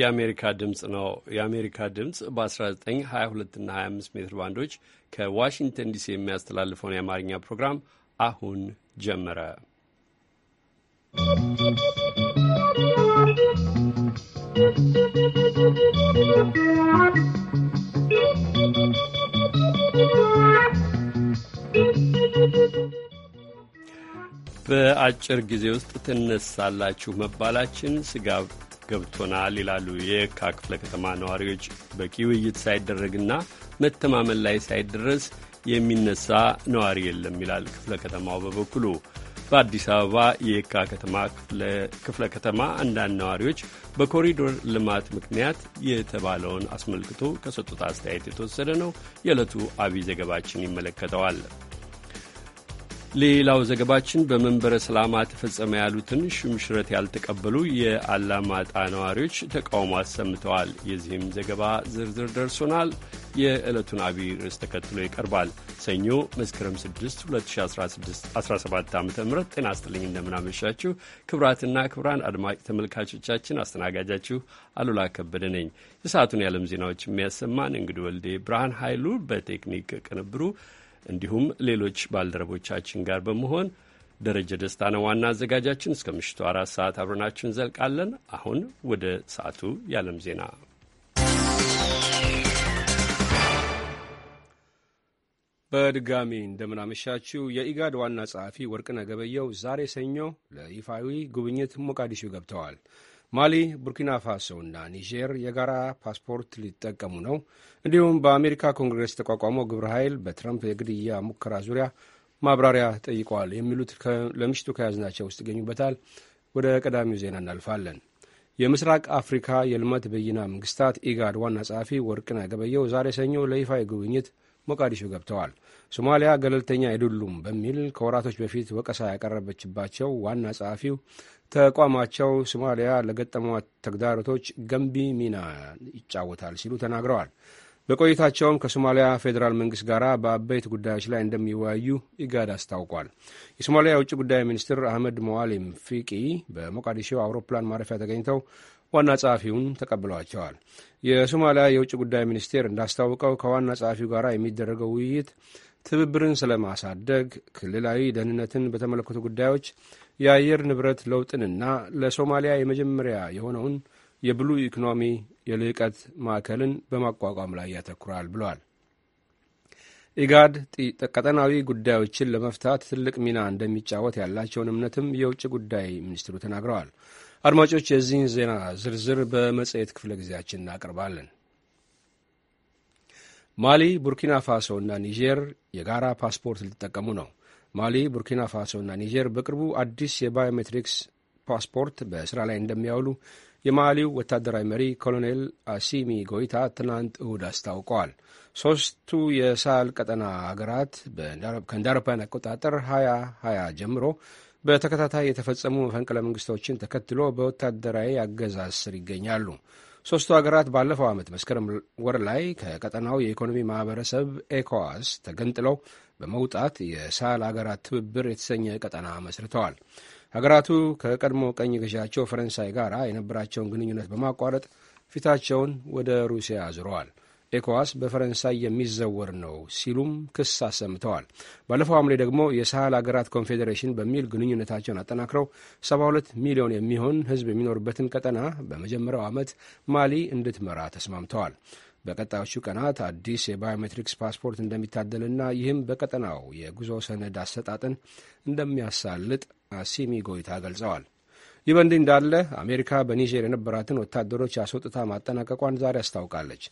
የአሜሪካ ድምፅ ነው። የአሜሪካ ድምፅ በ1922 እና 25 ሜትር ባንዶች ከዋሽንግተን ዲሲ የሚያስተላልፈውን የአማርኛ ፕሮግራም አሁን ጀመረ። በአጭር ጊዜ ውስጥ ትነሳላችሁ መባላችን ስጋብ ገብቶናል ይላሉ የካ ክፍለ ከተማ ነዋሪዎች። በቂ ውይይት ሳይደረግና መተማመን ላይ ሳይደረስ የሚነሳ ነዋሪ የለም ይላል ክፍለ ከተማው በበኩሉ። በአዲስ አበባ የካ ከተማ ክፍለ ከተማ አንዳንድ ነዋሪዎች በኮሪዶር ልማት ምክንያት የተባለውን አስመልክቶ ከሰጡት አስተያየት የተወሰደ ነው። የዕለቱ አብይ ዘገባችን ይመለከተዋል። ሌላው ዘገባችን በመንበረ ሰላማ ተፈጸመ ያሉትን ሹምሽረት ያልተቀበሉ የአላማጣ ነዋሪዎች ተቃውሞ አሰምተዋል። የዚህም ዘገባ ዝርዝር ደርሶናል። የዕለቱን አብይ ርዕስ ተከትሎ ይቀርባል። ሰኞ መስከረም 6 2017 ዓ ም ጤና ይስጥልኝ፣ እንደምናመሻችሁ ክብራትና ክብራን አድማጭ ተመልካቾቻችን አስተናጋጃችሁ አሉላ ከበደ ነኝ። የሰዓቱን የዓለም ዜናዎች የሚያሰማን እንግዲህ ወልዴ፣ ብርሃን ኃይሉ በቴክኒክ ቅንብሩ እንዲሁም ሌሎች ባልደረቦቻችን ጋር በመሆን ደረጀ ደስታ ነው ዋና አዘጋጃችን። እስከ ምሽቱ አራት ሰዓት አብረናችሁን ዘልቃለን። አሁን ወደ ሰዓቱ የዓለም ዜና በድጋሚ እንደምናመሻችው የኢጋድ ዋና ጸሐፊ ወርቅነህ ገበየሁ ዛሬ ሰኞ ለይፋዊ ጉብኝት ሞቃዲሾ ገብተዋል። ማሊ፣ ቡርኪና ፋሶ እና ኒጀር የጋራ ፓስፖርት ሊጠቀሙ ነው። እንዲሁም በአሜሪካ ኮንግሬስ የተቋቋመው ግብረ ኃይል በትረምፕ የግድያ ሙከራ ዙሪያ ማብራሪያ ጠይቀዋል። የሚሉት ለምሽቱ ከያዝናቸው ውስጥ ይገኙበታል። ወደ ቀዳሚው ዜና እናልፋለን። የምስራቅ አፍሪካ የልማት በይና መንግስታት ኢጋድ ዋና ጸሐፊ ወርቅነህ ገበየሁ ዛሬ ሰኞ ለይፋ ጉብኝት ሞቃዲሾ ገብተዋል። ሶማሊያ ገለልተኛ አይደሉም በሚል ከወራቶች በፊት ወቀሳ ያቀረበችባቸው ዋና ጸሐፊው ተቋማቸው ሶማሊያ ለገጠሟት ተግዳሮቶች ገንቢ ሚና ይጫወታል ሲሉ ተናግረዋል። በቆይታቸውም ከሶማሊያ ፌዴራል መንግስት ጋር በአበይት ጉዳዮች ላይ እንደሚወያዩ ኢጋድ አስታውቋል። የሶማሊያ የውጭ ጉዳይ ሚኒስትር አህመድ ሞዋሊም ፊቂ በሞቃዲሾ አውሮፕላን ማረፊያ ተገኝተው ዋና ጸሐፊውን ተቀብለዋቸዋል። የሶማሊያ የውጭ ጉዳይ ሚኒስቴር እንዳስታወቀው ከዋና ጸሐፊው ጋር የሚደረገው ውይይት ትብብርን ስለማሳደግ፣ ክልላዊ ደህንነትን በተመለከቱ ጉዳዮች፣ የአየር ንብረት ለውጥንና ለሶማሊያ የመጀመሪያ የሆነውን የብሉ ኢኮኖሚ የልዕቀት ማዕከልን በማቋቋም ላይ ያተኩራል ብሏል። ኢጋድ ቀጠናዊ ጉዳዮችን ለመፍታት ትልቅ ሚና እንደሚጫወት ያላቸውን እምነትም የውጭ ጉዳይ ሚኒስትሩ ተናግረዋል። አድማጮች የዚህን ዜና ዝርዝር በመጽሔት ክፍለ ጊዜያችን እናቀርባለን። ማሊ፣ ቡርኪና ፋሶ እና ኒጀር የጋራ ፓስፖርት ሊጠቀሙ ነው። ማሊ፣ ቡርኪና ፋሶ እና ኒጀር በቅርቡ አዲስ የባዮሜትሪክስ ፓስፖርት በስራ ላይ እንደሚያውሉ የማሊው ወታደራዊ መሪ ኮሎኔል አሲሚ ጎይታ ትናንት እሁድ አስታውቀዋል። ሦስቱ የሳል ቀጠና አገራት ከእንደ አውሮፓውያን አቆጣጠር 2020 ጀምሮ በተከታታይ የተፈጸሙ መፈንቅለ መንግስቶችን ተከትሎ በወታደራዊ አገዛዝ ስር ይገኛሉ። ሶስቱ ሀገራት ባለፈው ዓመት መስከረም ወር ላይ ከቀጠናው የኢኮኖሚ ማህበረሰብ ኤኮዋስ ተገንጥለው በመውጣት የሳህል ሀገራት ትብብር የተሰኘ ቀጠና መስርተዋል። ሀገራቱ ከቀድሞ ቀኝ ገዣቸው ፈረንሳይ ጋር የነበራቸውን ግንኙነት በማቋረጥ ፊታቸውን ወደ ሩሲያ አዙረዋል። ኤኮዋስ በፈረንሳይ የሚዘወር ነው ሲሉም ክስ አሰምተዋል። ባለፈው ሐምሌ ደግሞ የሳህል አገራት ኮንፌዴሬሽን በሚል ግንኙነታቸውን አጠናክረው 72 ሚሊዮን የሚሆን ሕዝብ የሚኖርበትን ቀጠና በመጀመሪያው ዓመት ማሊ እንድትመራ ተስማምተዋል። በቀጣዮቹ ቀናት አዲስ የባዮሜትሪክስ ፓስፖርት እንደሚታደልና ይህም በቀጠናው የጉዞ ሰነድ አሰጣጥን እንደሚያሳልጥ አሲሚ ጎይታ ገልጸዋል። ይህ በእንዲህ እንዳለ አሜሪካ በኒጀር የነበራትን ወታደሮች አስወጥታ ማጠናቀቋን ዛሬ አስታውቃለች።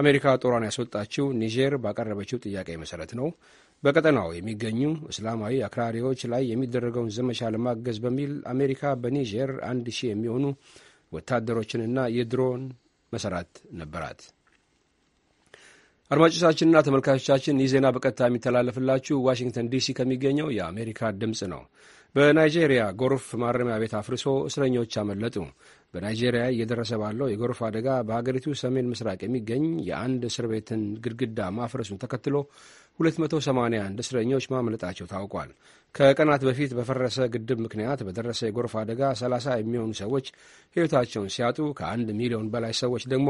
አሜሪካ ጦሯን ያስወጣችው ኒጀር ባቀረበችው ጥያቄ መሰረት ነው። በቀጠናው የሚገኙ እስላማዊ አክራሪዎች ላይ የሚደረገውን ዘመቻ ለማገዝ በሚል አሜሪካ በኒጀር አንድ ሺህ የሚሆኑ ወታደሮችንና የድሮን መሰራት ነበራት። አድማጮቻችንና ተመልካቾቻችን ይህ ዜና በቀጥታ የሚተላለፍላችሁ ዋሽንግተን ዲሲ ከሚገኘው የአሜሪካ ድምፅ ነው። በናይጄሪያ ጎርፍ ማረሚያ ቤት አፍርሶ እስረኞች አመለጡ። በናይጄሪያ እየደረሰ ባለው የጎርፍ አደጋ በሀገሪቱ ሰሜን ምስራቅ የሚገኝ የአንድ እስር ቤትን ግድግዳ ማፍረሱን ተከትሎ 281 እስረኞች ማምለጣቸው ታውቋል። ከቀናት በፊት በፈረሰ ግድብ ምክንያት በደረሰ የጎርፍ አደጋ 30 የሚሆኑ ሰዎች ሕይወታቸውን ሲያጡ ከአንድ ሚሊዮን በላይ ሰዎች ደግሞ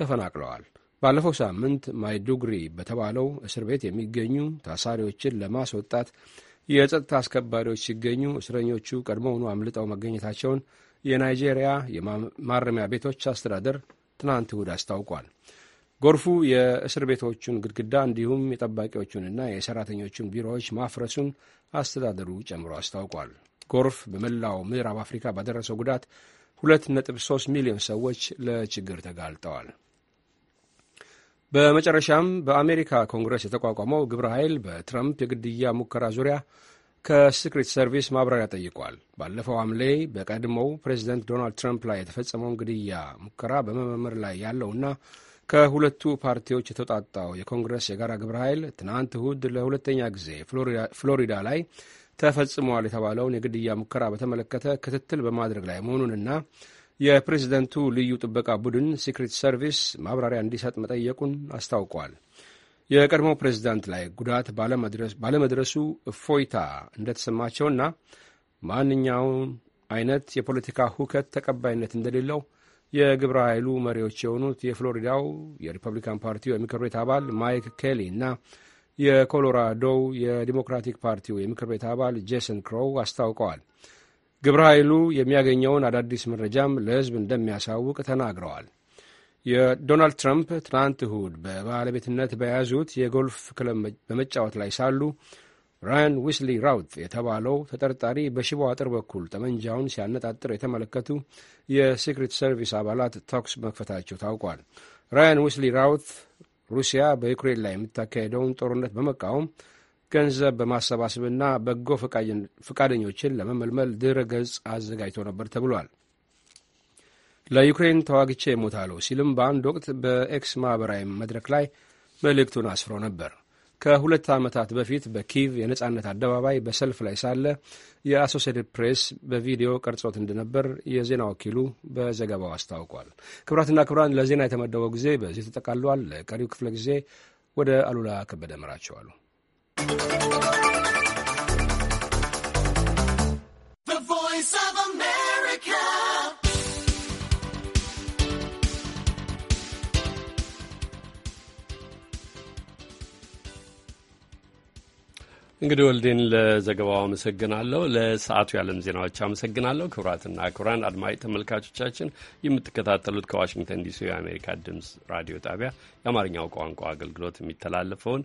ተፈናቅለዋል። ባለፈው ሳምንት ማይዱግሪ በተባለው እስር ቤት የሚገኙ ታሳሪዎችን ለማስወጣት የጸጥታ አስከባሪዎች ሲገኙ እስረኞቹ ቀድሞውኑ አምልጠው መገኘታቸውን የናይጄሪያ የማረሚያ ቤቶች አስተዳደር ትናንት እሁድ አስታውቋል። ጎርፉ የእስር ቤቶቹን ግድግዳ እንዲሁም የጠባቂዎቹንና የሰራተኞቹን ቢሮዎች ማፍረሱን አስተዳደሩ ጨምሮ አስታውቋል። ጎርፍ በመላው ምዕራብ አፍሪካ ባደረሰው ጉዳት 2.3 ሚሊዮን ሰዎች ለችግር ተጋልጠዋል። በመጨረሻም በአሜሪካ ኮንግረስ የተቋቋመው ግብረ ኃይል በትራምፕ የግድያ ሙከራ ዙሪያ ከሲክሪት ሰርቪስ ማብራሪያ ጠይቋል። ባለፈው ሐምሌ በቀድሞው ፕሬዚደንት ዶናልድ ትራምፕ ላይ የተፈጸመውን ግድያ ሙከራ በመመርመር ላይ ያለውና ከሁለቱ ፓርቲዎች የተውጣጣው የኮንግረስ የጋራ ግብረ ኃይል ትናንት እሁድ ለሁለተኛ ጊዜ ፍሎሪዳ ላይ ተፈጽመዋል የተባለውን የግድያ ሙከራ በተመለከተ ክትትል በማድረግ ላይ መሆኑንና የፕሬዚደንቱ ልዩ ጥበቃ ቡድን ሲክሪት ሰርቪስ ማብራሪያ እንዲሰጥ መጠየቁን አስታውቋል። የቀድሞው ፕሬዚዳንት ላይ ጉዳት ባለመድረሱ እፎይታ እንደተሰማቸውና ማንኛውም አይነት የፖለቲካ ሁከት ተቀባይነት እንደሌለው የግብረ ኃይሉ መሪዎች የሆኑት የፍሎሪዳው የሪፐብሊካን ፓርቲው የምክር ቤት አባል ማይክ ኬሊ እና የኮሎራዶው የዲሞክራቲክ ፓርቲው የምክር ቤት አባል ጄሰን ክሮው አስታውቀዋል። ግብረ ኃይሉ የሚያገኘውን አዳዲስ መረጃም ለሕዝብ እንደሚያሳውቅ ተናግረዋል። የዶናልድ ትራምፕ ትናንት እሁድ በባለቤትነት በያዙት የጎልፍ ክለብ በመጫወት ላይ ሳሉ ራያን ዊስሊ ራውት የተባለው ተጠርጣሪ በሽቦ አጥር በኩል ጠመንጃውን ሲያነጣጥር የተመለከቱ የሴክሬት ሰርቪስ አባላት ተኩስ መክፈታቸው ታውቋል። ራያን ዊስሊ ራውት ሩሲያ በዩክሬን ላይ የምታካሄደውን ጦርነት በመቃወም ገንዘብ በማሰባሰብና በጎ ፈቃደኞችን ለመመልመል ድረ ገጽ አዘጋጅቶ ነበር ተብሏል። ለዩክሬን ተዋግቼ እሞታለሁ ሲልም በአንድ ወቅት በኤክስ ማኅበራዊ መድረክ ላይ መልእክቱን አስፍሮ ነበር። ከሁለት ዓመታት በፊት በኪቭ የነጻነት አደባባይ በሰልፍ ላይ ሳለ የአሶሴትድ ፕሬስ በቪዲዮ ቀርጾት እንደነበር የዜና ወኪሉ በዘገባው አስታውቋል። ክብራትና ክብራን ለዜና የተመደበው ጊዜ በዚህ ተጠቃሏል። ለቀሪው ክፍለ ጊዜ ወደ አሉላ ከበደ መራቸዋሉ። እንግዲህ ወልዴን ለዘገባው አመሰግናለሁ። ለሰዓቱ የዓለም ዜናዎች አመሰግናለሁ። ክቡራትና ክቡራን አድማጭ ተመልካቾቻችን የምትከታተሉት ከዋሽንግተን ዲሲ የአሜሪካ ድምፅ ራዲዮ ጣቢያ የአማርኛው ቋንቋ አገልግሎት የሚተላለፈውን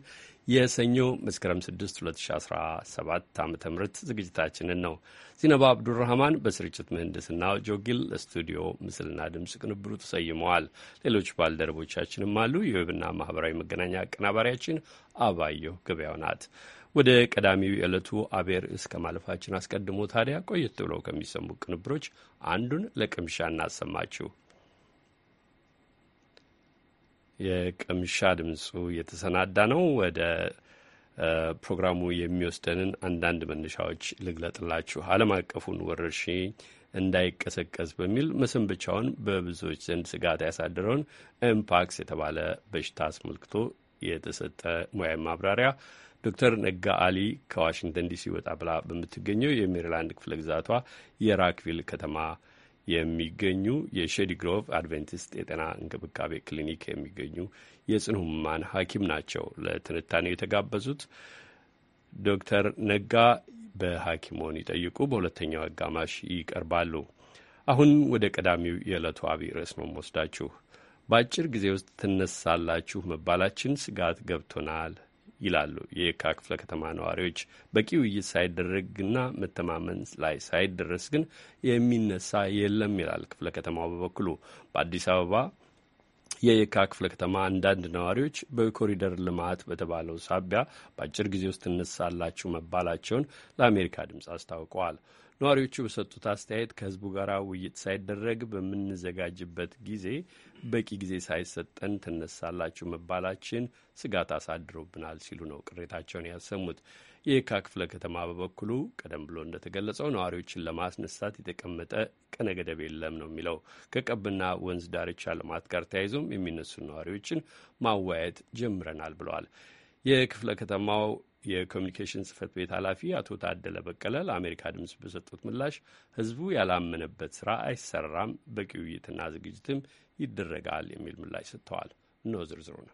የሰኞ መስከረም 6 2017 ዓ ም ዝግጅታችንን ነው። ዚነባ አብዱራህማን በስርጭት ምህንድስና፣ ጆጊል ለስቱዲዮ ምስልና ድምፅ ቅንብሩ ተሰይመዋል። ሌሎች ባልደረቦቻችንም አሉ። የዌብና ማህበራዊ መገናኛ አቀናባሪያችን አባየሁ ገበያው ናት። ወደ ቀዳሚው የዕለቱ አብይ ርዕስ ከማለፋችን አስቀድሞ ታዲያ ቆየት ብለው ከሚሰሙ ቅንብሮች አንዱን ለቅምሻ እናሰማችሁ። የቅምሻ ድምፁ የተሰናዳ ነው። ወደ ፕሮግራሙ የሚወስደንን አንዳንድ መነሻዎች ልግለጥላችሁ። ዓለም አቀፉን ወረርሽኝ እንዳይቀሰቀስ በሚል መሰንበቻውን በብዙዎች ዘንድ ስጋት ያሳደረውን ኤምፓክስ የተባለ በሽታ አስመልክቶ የተሰጠ ሙያዊ ማብራሪያ ዶክተር ነጋ አሊ ከዋሽንግተን ዲሲ ወጣ ብላ በምትገኘው የሜሪላንድ ክፍለ ግዛቷ የራክቪል ከተማ የሚገኙ የሼዲ ግሮቭ አድቬንቲስት የጤና እንክብካቤ ክሊኒክ የሚገኙ የጽኑ ህሙማን ሐኪም ናቸው። ለትንታኔው የተጋበዙት ዶክተር ነጋ በሐኪሞን ይጠይቁ በሁለተኛው አጋማሽ ይቀርባሉ። አሁን ወደ ቀዳሚው የዕለቱ አብይ ርዕስ ነው ወስዳችሁ በአጭር ጊዜ ውስጥ ትነሳላችሁ መባላችን ስጋት ገብቶናል ይላሉ የየካ ክፍለ ከተማ ነዋሪዎች። በቂ ውይይት ሳይደረግና መተማመን ላይ ሳይደረስ ግን የሚነሳ የለም ይላል ክፍለ ከተማው በበኩሉ። በአዲስ አበባ የየካ ክፍለ ከተማ አንዳንድ ነዋሪዎች በኮሪደር ልማት በተባለው ሳቢያ በአጭር ጊዜ ውስጥ እነሳላችሁ መባላቸውን ለአሜሪካ ድምፅ አስታውቀዋል። ነዋሪዎቹ በሰጡት አስተያየት ከህዝቡ ጋር ውይይት ሳይደረግ በምንዘጋጅበት ጊዜ በቂ ጊዜ ሳይሰጠን ትነሳላችሁ መባላችን ስጋት አሳድሮብናል ሲሉ ነው ቅሬታቸውን ያሰሙት። የካ ክፍለ ከተማ በበኩሉ ቀደም ብሎ እንደተገለጸው ነዋሪዎችን ለማስነሳት የተቀመጠ ቀነ ገደብ የለም ነው የሚለው። ከቀብና ወንዝ ዳርቻ ልማት ጋር ተያይዞም የሚነሱ ነዋሪዎችን ማወያየት ጀምረናል ብለዋል። የክፍለ ከተማው የኮሚኒኬሽን ጽህፈት ቤት ኃላፊ አቶ ታደለ በቀለ ለአሜሪካ ድምፅ በሰጡት ምላሽ ህዝቡ ያላመነበት ስራ አይሰራም፣ በቂ ውይይትና ዝግጅትም ይደረጋል የሚል ምላሽ ሰጥተዋል። እነሆ ዝርዝሩ ነው።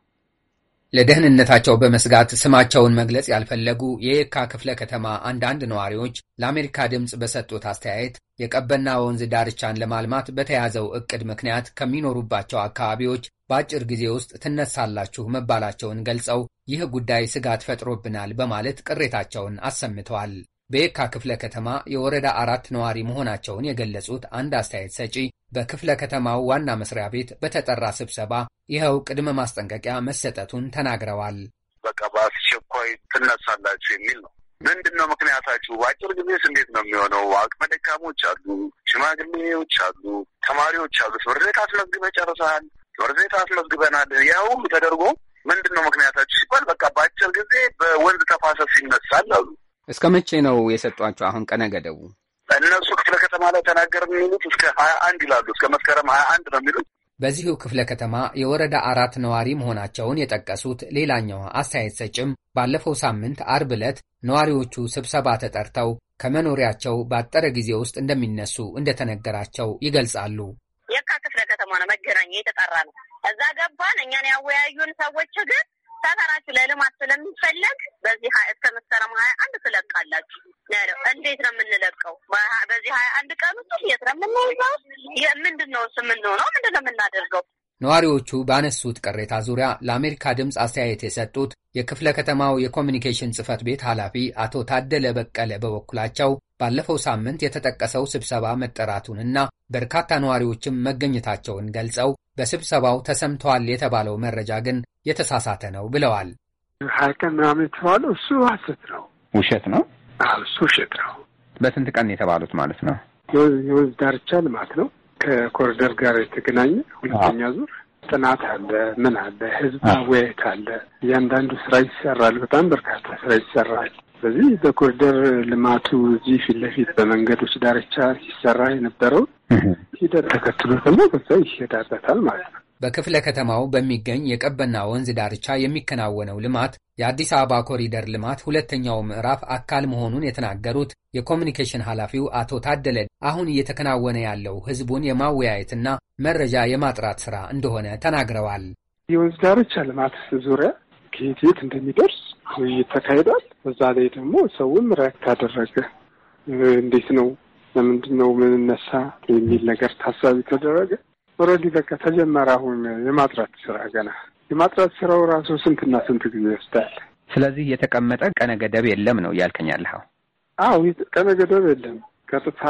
ለደህንነታቸው በመስጋት ስማቸውን መግለጽ ያልፈለጉ የየካ ክፍለ ከተማ አንዳንድ ነዋሪዎች ለአሜሪካ ድምፅ በሰጡት አስተያየት የቀበና ወንዝ ዳርቻን ለማልማት በተያዘው እቅድ ምክንያት ከሚኖሩባቸው አካባቢዎች በአጭር ጊዜ ውስጥ ትነሳላችሁ መባላቸውን ገልጸው ይህ ጉዳይ ስጋት ፈጥሮብናል በማለት ቅሬታቸውን አሰምተዋል። በየካ ክፍለ ከተማ የወረዳ አራት ነዋሪ መሆናቸውን የገለጹት አንድ አስተያየት ሰጪ በክፍለ ከተማው ዋና መስሪያ ቤት በተጠራ ስብሰባ ይኸው ቅድመ ማስጠንቀቂያ መሰጠቱን ተናግረዋል። በቃ በአስቸኳይ ትነሳላችሁ የሚል ነው። ምንድን ነው ምክንያታችሁ? በአጭር ጊዜስ እንዴት ነው የሚሆነው? አቅመ ደካሞች አሉ፣ ሽማግሌዎች አሉ፣ ተማሪዎች አሉ። ትምህርት ቤት አስመዝግበ ጨርሰሃል፣ ትምህርት ቤት አስመዝግበናል። ያ ሁሉ ተደርጎ ምንድን ነው ምክንያታችሁ ሲባል በቃ በአጭር ጊዜ በወንዝ ተፋሰስ ይነሳል አሉ። እስከ መቼ ነው የሰጧቸው? አሁን ቀነ ገደቡ እነሱ ክፍለ ከተማ ላይ ተናገር የሚሉት እስከ ሀያ አንድ ይላሉ። እስከ መስከረም ሀያ አንድ ነው የሚሉት። በዚሁ ክፍለ ከተማ የወረዳ አራት ነዋሪ መሆናቸውን የጠቀሱት ሌላኛው አስተያየት ሰጭም ባለፈው ሳምንት አርብ ዕለት ነዋሪዎቹ ስብሰባ ተጠርተው ከመኖሪያቸው ባጠረ ጊዜ ውስጥ እንደሚነሱ እንደተነገራቸው ይገልጻሉ። የካ ክፍለ ከተማ ነው መገናኛ የተጠራ ነው። እዛ ገባን። እኛን ያወያዩን ሰዎች ግን ሰፈራችሁ ለልማት ስለሚፈለግ በዚህ እስከ መስከረም ሀያ አንድ ትለቃላችሁ ያለው። እንዴት ነው የምንለቀው? በዚህ ሀያ አንድ ቀን ውስጥ የት ነው የምንይዘው? ምንድን ነው የምንሆነው? ምንድን ነው የምናደርገው? ነዋሪዎቹ ባነሱት ቅሬታ ዙሪያ ለአሜሪካ ድምፅ አስተያየት የሰጡት የክፍለ ከተማው የኮሚኒኬሽን ጽህፈት ቤት ኃላፊ አቶ ታደለ በቀለ በበኩላቸው ባለፈው ሳምንት የተጠቀሰው ስብሰባ መጠራቱንና በርካታ ነዋሪዎችም መገኘታቸውን ገልጸው በስብሰባው ተሰምተዋል የተባለው መረጃ ግን የተሳሳተ ነው ብለዋል። ሀያ ቀን ምናምን የተባለው እሱ ሐሰት ነው፣ ውሸት ነው፣ እሱ ውሸት ነው። በስንት ቀን የተባሉት ማለት ነው? የወንዝ ዳርቻ ልማት ነው ከኮሪደር ጋር የተገናኘ ሁለተኛ ዙር ጥናት አለ። ምን አለ? ህዝብ አወያየት አለ። እያንዳንዱ ስራ ይሰራል። በጣም በርካታ ስራ ይሰራል። ስለዚህ በኮሪደር ልማቱ እዚህ ፊት ለፊት በመንገዶች ዳርቻ ሲሰራ የነበረው ሂደት ተከትሎ ደግሞ በዛ ይሄዳበታል ማለት ነው። በክፍለ ከተማው በሚገኝ የቀበና ወንዝ ዳርቻ የሚከናወነው ልማት የአዲስ አበባ ኮሪደር ልማት ሁለተኛው ምዕራፍ አካል መሆኑን የተናገሩት የኮሚኒኬሽን ኃላፊው አቶ ታደለ አሁን እየተከናወነ ያለው ሕዝቡን የማወያየትና መረጃ የማጥራት ስራ እንደሆነ ተናግረዋል። የወንዝ ዳርቻ ልማት ዙሪያ ከየት የት እንደሚደርስ ውይይት ተካሂዷል። በዛ ላይ ደግሞ ሰውም ሪያክት አደረገ። እንዴት ነው ለምንድን ነው ምንነሳ የሚል ነገር ታሳቢ ተደረገ። ኦልሬዲ በቃ ተጀመረ። አሁን የማጥራት ስራ ገና የማጥራት ስራው ራሱ ስንትና ስንት ጊዜ ይወስዳል። ስለዚህ የተቀመጠ ቀነ ገደብ የለም ነው እያልከኛለኸው? አዎ ቀነ ገደብ የለም። ቀጥታ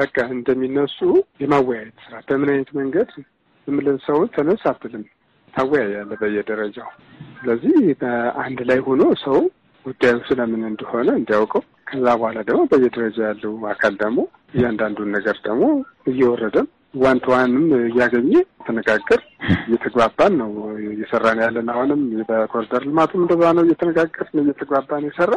በቃ እንደሚነሱ የማወያየት ስራ በምን አይነት መንገድ ምልን ሰውን ተነስ አትልም ታወያያለህ በየደረጃው። ስለዚህ በአንድ ላይ ሆኖ ሰው ጉዳዩ ስለምን እንደሆነ እንዲያውቀው ከዛ በኋላ ደግሞ በየደረጃ ያለው አካል ደግሞ እያንዳንዱን ነገር ደግሞ እየወረደም ዋን ቱ ዋንም እያገኘ ተነጋገር እየተግባባን ነው እየሰራን ያለን። አሁንም በኮሪደር ልማቱም እንደዛ ነው እየተነጋገርን እየተግባባን የሰራ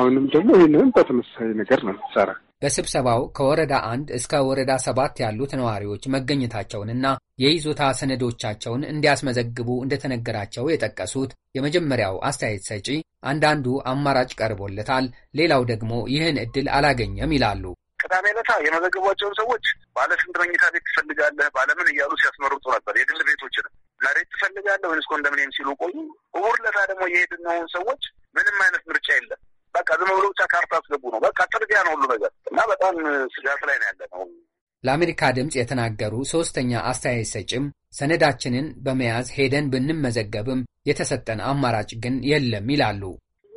አሁንም ደግሞ ይህንንም በተመሳሳይ ነገር ነው ሰራ። በስብሰባው ከወረዳ አንድ እስከ ወረዳ ሰባት ያሉት ነዋሪዎች መገኘታቸውንና የይዞታ ሰነዶቻቸውን እንዲያስመዘግቡ እንደተነገራቸው የጠቀሱት የመጀመሪያው አስተያየት ሰጪ አንዳንዱ አማራጭ ቀርቦለታል፣ ሌላው ደግሞ ይህን እድል አላገኘም ይላሉ። ቅዳሜ ለታ የመዘገቧቸውን ሰዎች ባለ ስንት መኝታ ቤት ትፈልጋለህ ባለምን እያሉ ሲያስመርጡ ነበር። የግል ቤቶችን መሬት ትፈልጋለህ ወይስ ኮንዶሚኒየም ሲሉ ቆዩ። እሑድ ለታ ደግሞ የሄድነውን ሰዎች ምንም አይነት ምርጫ የለም። በቃ ዝም ብሎ ብቻ ካርታ አስገቡ ነው። በቃ ጥርጊያ ነው ሁሉ ነገር እና በጣም ስጋት ላይ ነው ያለ ነው። ለአሜሪካ ድምፅ የተናገሩ ሶስተኛ አስተያየት ሰጭም ሰነዳችንን በመያዝ ሄደን ብንመዘገብም የተሰጠን አማራጭ ግን የለም ይላሉ።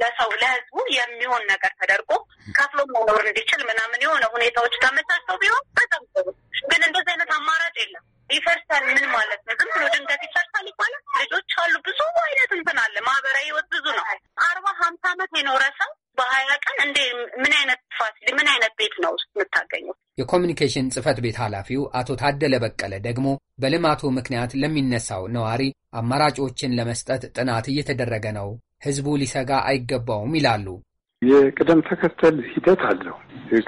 ለሰው ለህዝብ የሚሆን ነገር ተደርጎ ከፍሎ መኖር እንዲችል ምናምን የሆነ ሁኔታዎች ተመቻቸው ቢሆን በጣም ጥሩ። ግን እንደዚህ አይነት አማራጭ የለም። ይፈርሳል ምን ማለት ነው? ዝም ብሎ ድንገት ይፈርሳል ይባላል። ልጆች አሉ፣ ብዙ አይነት እንትን አለ። ማህበራዊ ህይወት ብዙ ነው። አርባ ሀምሳ ዓመት የኖረ ሰው በሀያ ቀን እንዴ ምን አይነት ፋሲሊ ምን አይነት ቤት ነው ውስጥ የምታገኘው? የኮሚኒኬሽን ጽህፈት ቤት ኃላፊው አቶ ታደለ በቀለ ደግሞ በልማቱ ምክንያት ለሚነሳው ነዋሪ አማራጮችን ለመስጠት ጥናት እየተደረገ ነው ህዝቡ ሊሰጋ አይገባውም ይላሉ። የቅደም ተከተል ሂደት አለው።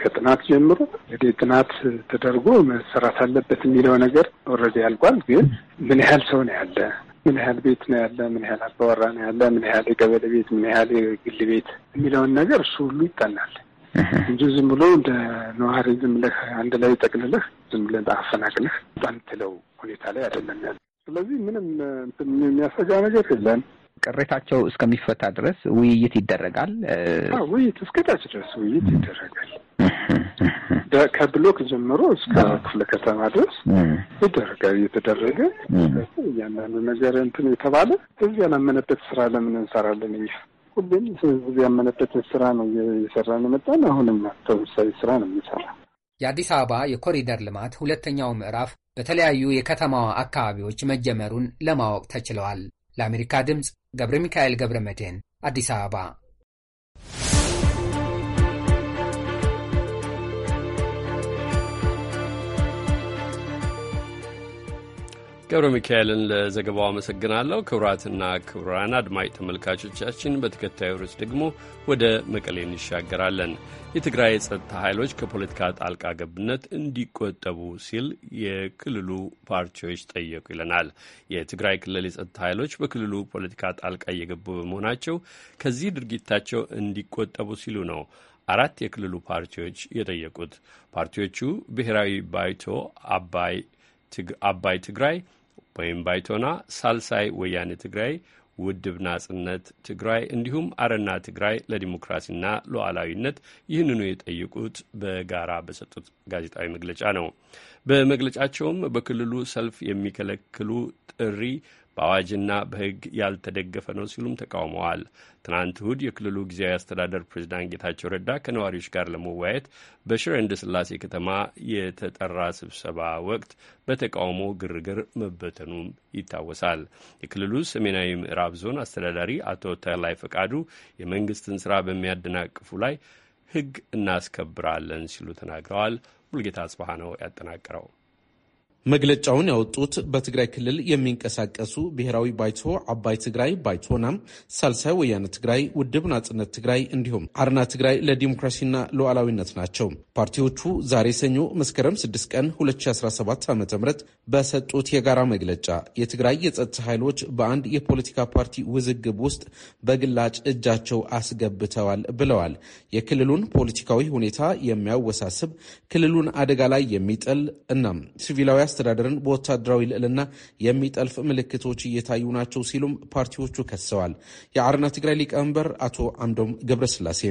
ከጥናት ጀምሮ እንግዲህ ጥናት ተደርጎ መሰራት አለበት የሚለው ነገር ኦልሬዲ ያልቋል። ግን ምን ያህል ሰው ነው ያለ፣ ምን ያህል ቤት ነው ያለ፣ ምን ያህል አባወራ ነው ያለ፣ ምን ያህል የቀበሌ ቤት፣ ምን ያህል የግል ቤት የሚለውን ነገር እሱ ሁሉ ይጠናል እንጂ ዝም ብሎ እንደ ነዋሪ ዝም ብለህ አንድ ላይ ጠቅልለህ ዝም ብለህ አፈናቅልህ ባንትለው ሁኔታ ላይ አይደለም ያለ። ስለዚህ ምንም የሚያሰጋ ነገር የለም። ቅሬታቸው እስከሚፈታ ድረስ ውይይት ይደረጋል። ውይይት እስከታች ድረስ ውይይት ይደረጋል። ከብሎክ ጀምሮ እስከ ክፍለ ከተማ ድረስ ይደረጋል። እየተደረገ እያንዳንዱ ነገር እንትን የተባለ ህዝብ ያላመነበት ስራ ለምን እንሰራለን እኛ ሁሌም ህዝብ ያመነበትን ስራ ነው እየሰራን የመጣን። አሁንም ተመሳሳይ ስራ ነው የሚሰራ። የአዲስ አበባ የኮሪደር ልማት ሁለተኛው ምዕራፍ በተለያዩ የከተማዋ አካባቢዎች መጀመሩን ለማወቅ ተችለዋል። ለአሜሪካ ድምፅ ገብረ ሚካኤል ገብረ መድህን አዲስ አበባ ገብረ ሚካኤልን ለዘገባው አመሰግናለሁ። ክቡራትና ክቡራን አድማጭ ተመልካቾቻችን በተከታዩ ርዕስ ደግሞ ወደ መቀሌ እንሻገራለን። የትግራይ የጸጥታ ኃይሎች ከፖለቲካ ጣልቃ ገብነት እንዲቆጠቡ ሲል የክልሉ ፓርቲዎች ጠየቁ ይለናል። የትግራይ ክልል የጸጥታ ኃይሎች በክልሉ ፖለቲካ ጣልቃ እየገቡ በመሆናቸው ከዚህ ድርጊታቸው እንዲቆጠቡ ሲሉ ነው አራት የክልሉ ፓርቲዎች የጠየቁት። ፓርቲዎቹ ብሔራዊ ባይቶ አባይ አባይ ትግራይ ወይም ባይቶና፣ ሳልሳይ ወያኔ ትግራይ፣ ውድብ ናጽነት ትግራይ እንዲሁም አረና ትግራይ ለዲሞክራሲና ሉዓላዊነት ይህንኑ የጠየቁት በጋራ በሰጡት ጋዜጣዊ መግለጫ ነው። በመግለጫቸውም በክልሉ ሰልፍ የሚከለክሉ ጥሪ በአዋጅና በሕግ ያልተደገፈ ነው ሲሉም ተቃውመዋል። ትናንት እሁድ የክልሉ ጊዜያዊ አስተዳደር ፕሬዚዳንት ጌታቸው ረዳ ከነዋሪዎች ጋር ለመወያየት በሽረ እንደ ስላሴ ከተማ የተጠራ ስብሰባ ወቅት በተቃውሞ ግርግር መበተኑም ይታወሳል። የክልሉ ሰሜናዊ ምዕራብ ዞን አስተዳዳሪ አቶ ተላይ ፈቃዱ የመንግስትን ስራ በሚያደናቅፉ ላይ ሕግ እናስከብራለን ሲሉ ተናግረዋል። ሙልጌታ አጽባሃ ነው ያጠናቀረው። መግለጫውን ያወጡት በትግራይ ክልል የሚንቀሳቀሱ ብሔራዊ ባይቶ አባይ ትግራይ ባይቶና፣ ሳልሳይ ወያነ ትግራይ፣ ውድብ ናጽነት ትግራይ እንዲሁም አርና ትግራይ ለዲሞክራሲና ሉዓላዊነት ናቸው። ፓርቲዎቹ ዛሬ ሰኞ መስከረም 6 ቀን 2017 ዓ ም በሰጡት የጋራ መግለጫ የትግራይ የጸጥታ ኃይሎች በአንድ የፖለቲካ ፓርቲ ውዝግብ ውስጥ በግላጭ እጃቸው አስገብተዋል ብለዋል። የክልሉን ፖለቲካዊ ሁኔታ የሚያወሳስብ ክልሉን አደጋ ላይ የሚጥል እናም ሲቪላዊ አስተዳደርን በወታደራዊ ልዕልና የሚጠልፍ ምልክቶች እየታዩ ናቸው ሲሉም ፓርቲዎቹ ከሰዋል። የአረና ትግራይ ሊቀመንበር አቶ አምዶም ገብረስላሴ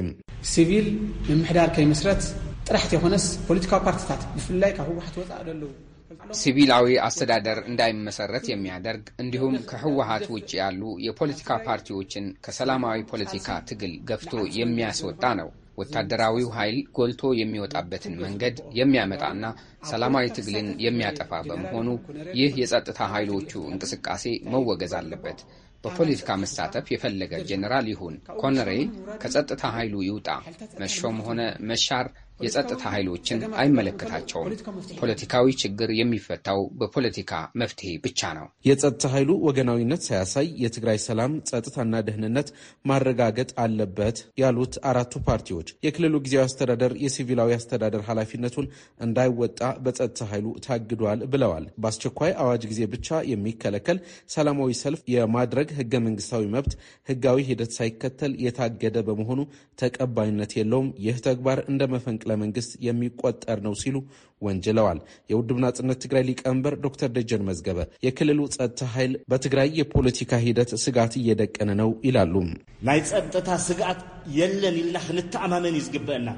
ሲቪል ምምሕዳር ከይመስረት ጥራሕቲ ተይኮነስ ፖለቲካዊ ፓርቲታት ብፍላይ ካብ ህወሓት ወፃእ ዘለዉ ሲቪላዊ አስተዳደር እንዳይመሰረት የሚያደርግ እንዲሁም ከህወሀት ውጭ ያሉ የፖለቲካ ፓርቲዎችን ከሰላማዊ ፖለቲካ ትግል ገፍቶ የሚያስወጣ ነው። ወታደራዊው ኃይል ጎልቶ የሚወጣበትን መንገድ የሚያመጣና ሰላማዊ ትግልን የሚያጠፋ በመሆኑ ይህ የጸጥታ ኃይሎቹ እንቅስቃሴ መወገዝ አለበት። በፖለቲካ መሳተፍ የፈለገ ጄኔራል ይሁን ኮነሬ ከጸጥታ ኃይሉ ይውጣ። መሾም ሆነ መሻር የጸጥታ ኃይሎችን አይመለከታቸውም። ፖለቲካዊ ችግር የሚፈታው በፖለቲካ መፍትሄ ብቻ ነው። የጸጥታ ኃይሉ ወገናዊነት ሳያሳይ የትግራይ ሰላም፣ ጸጥታና ደህንነት ማረጋገጥ አለበት ያሉት አራቱ ፓርቲዎች የክልሉ ጊዜያዊ አስተዳደር የሲቪላዊ አስተዳደር ኃላፊነቱን እንዳይወጣ በጸጥታ ኃይሉ ታግዷል ብለዋል። በአስቸኳይ አዋጅ ጊዜ ብቻ የሚከለከል ሰላማዊ ሰልፍ የማድረግ ህገ መንግስታዊ መብት ህጋዊ ሂደት ሳይከተል የታገደ በመሆኑ ተቀባይነት የለውም። ይህ ተግባር እንደ መፈንቅ መፈንቅለ መንግስት የሚቆጠር ነው ሲሉ ወንጅለዋል። የውድብ ናጽነት ትግራይ ሊቀመንበር ዶክተር ደጀን መዝገበ የክልሉ ጸጥታ ኃይል በትግራይ የፖለቲካ ሂደት ስጋት እየደቀነ ነው ይላሉ። ናይ ጸጥታ ስጋት የለን ኢልና ክንተኣማመን ይዝግበአና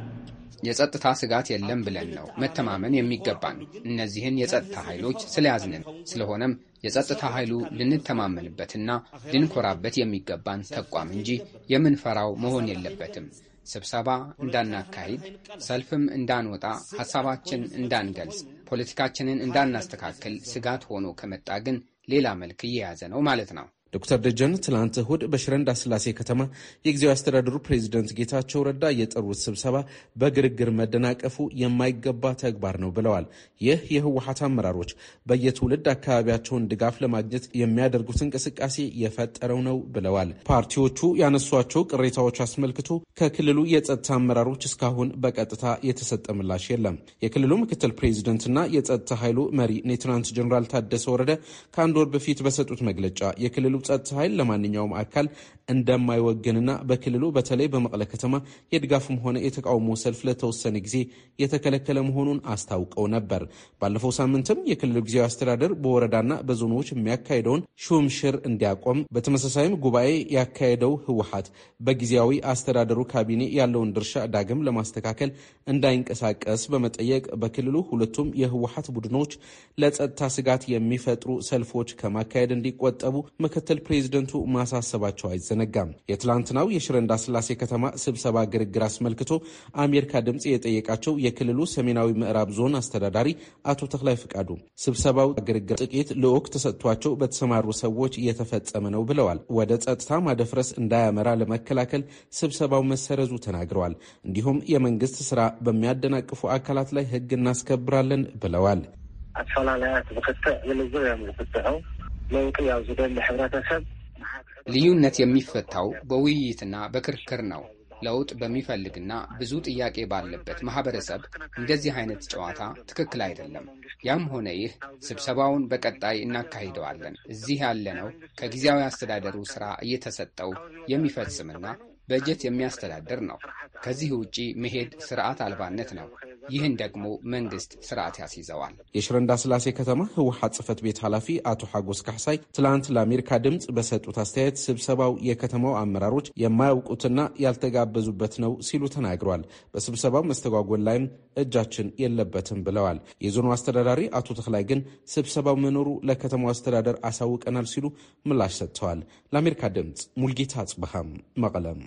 የጸጥታ ስጋት የለም ብለን ነው መተማመን የሚገባን እነዚህን የጸጥታ ኃይሎች ስለያዝንን። ስለሆነም የጸጥታ ኃይሉ ልንተማመንበትና ልንኮራበት የሚገባን ተቋም እንጂ የምንፈራው መሆን የለበትም። ስብሰባ እንዳናካሂድ፣ ሰልፍም እንዳንወጣ፣ ሐሳባችን እንዳንገልጽ፣ ፖለቲካችንን እንዳናስተካክል ስጋት ሆኖ ከመጣ ግን ሌላ መልክ እየያዘ ነው ማለት ነው። ዶክተር ደጀን ትላንት እሁድ በሽረንዳ ስላሴ ከተማ የጊዜያዊ አስተዳደሩ ፕሬዚደንት ጌታቸው ረዳ የጠሩት ስብሰባ በግርግር መደናቀፉ የማይገባ ተግባር ነው ብለዋል። ይህ የህወሀት አመራሮች በየትውልድ አካባቢያቸውን ድጋፍ ለማግኘት የሚያደርጉት እንቅስቃሴ የፈጠረው ነው ብለዋል። ፓርቲዎቹ ያነሷቸው ቅሬታዎች አስመልክቶ ከክልሉ የጸጥታ አመራሮች እስካሁን በቀጥታ የተሰጠ ምላሽ የለም። የክልሉ ምክትል ፕሬዚደንትና የጸጥታ ኃይሉ መሪ ሌተናንት ጀኔራል ታደሰ ወረደ ከአንድ ወር በፊት በሰጡት መግለጫ የክልሉ የክልሉ ጸጥታ ኃይል ለማንኛውም አካል እንደማይወግንና በክልሉ በተለይ በመቀለ ከተማ የድጋፍም ሆነ የተቃውሞ ሰልፍ ለተወሰነ ጊዜ የተከለከለ መሆኑን አስታውቀው ነበር። ባለፈው ሳምንትም የክልሉ ጊዜያዊ አስተዳደር በወረዳና በዞኖች የሚያካሄደውን ሹምሽር እንዲያቆም፣ በተመሳሳይም ጉባኤ ያካሄደው ህወሀት በጊዜያዊ አስተዳደሩ ካቢኔ ያለውን ድርሻ ዳግም ለማስተካከል እንዳይንቀሳቀስ በመጠየቅ በክልሉ ሁለቱም የህወሀት ቡድኖች ለጸጥታ ስጋት የሚፈጥሩ ሰልፎች ከማካሄድ እንዲቆጠቡ ምክትል ምክትል ፕሬዚደንቱ ማሳሰባቸው አይዘነጋም። የትላንትናው የሽረ እንዳስላሴ ከተማ ስብሰባ ግርግር አስመልክቶ አሜሪካ ድምፅ የጠየቃቸው የክልሉ ሰሜናዊ ምዕራብ ዞን አስተዳዳሪ አቶ ተክላይ ፍቃዱ ስብሰባው ግርግር ጥቂት ልዑክ ተሰጥቷቸው በተሰማሩ ሰዎች እየተፈጸመ ነው ብለዋል። ወደ ጸጥታ ማደፍረስ እንዳያመራ ለመከላከል ስብሰባው መሰረዙ ተናግረዋል። እንዲሁም የመንግስት ስራ በሚያደናቅፉ አካላት ላይ ህግ እናስከብራለን ብለዋል። ለውጥ ያው ዝደሊ ሕብረተሰብ ልዩነት የሚፈታው በውይይትና በክርክር ነው። ለውጥ በሚፈልግና ብዙ ጥያቄ ባለበት ማህበረሰብ እንደዚህ አይነት ጨዋታ ትክክል አይደለም። ያም ሆነ ይህ ስብሰባውን በቀጣይ እናካሂደዋለን። እዚህ ያለነው ከጊዜያዊ አስተዳደሩ ስራ እየተሰጠው የሚፈጽምና በጀት የሚያስተዳድር ነው። ከዚህ ውጪ መሄድ ስርዓት አልባነት ነው። ይህን ደግሞ መንግስት ስርዓት ያስይዘዋል። የሽረንዳ ስላሴ ከተማ ህወሓት ጽህፈት ቤት ኃላፊ አቶ ሐጎስ ካሕሳይ ትላንት ለአሜሪካ ድምፅ በሰጡት አስተያየት ስብሰባው የከተማው አመራሮች የማያውቁትና ያልተጋበዙበት ነው ሲሉ ተናግሯል። በስብሰባው መስተጓጎል ላይም እጃችን የለበትም ብለዋል። የዞኑ አስተዳዳሪ አቶ ተክላይ ግን ስብሰባው መኖሩ ለከተማው አስተዳደር አሳውቀናል ሲሉ ምላሽ ሰጥተዋል። ለአሜሪካ ድምፅ ሙልጌታ አጽበሃም መቀለም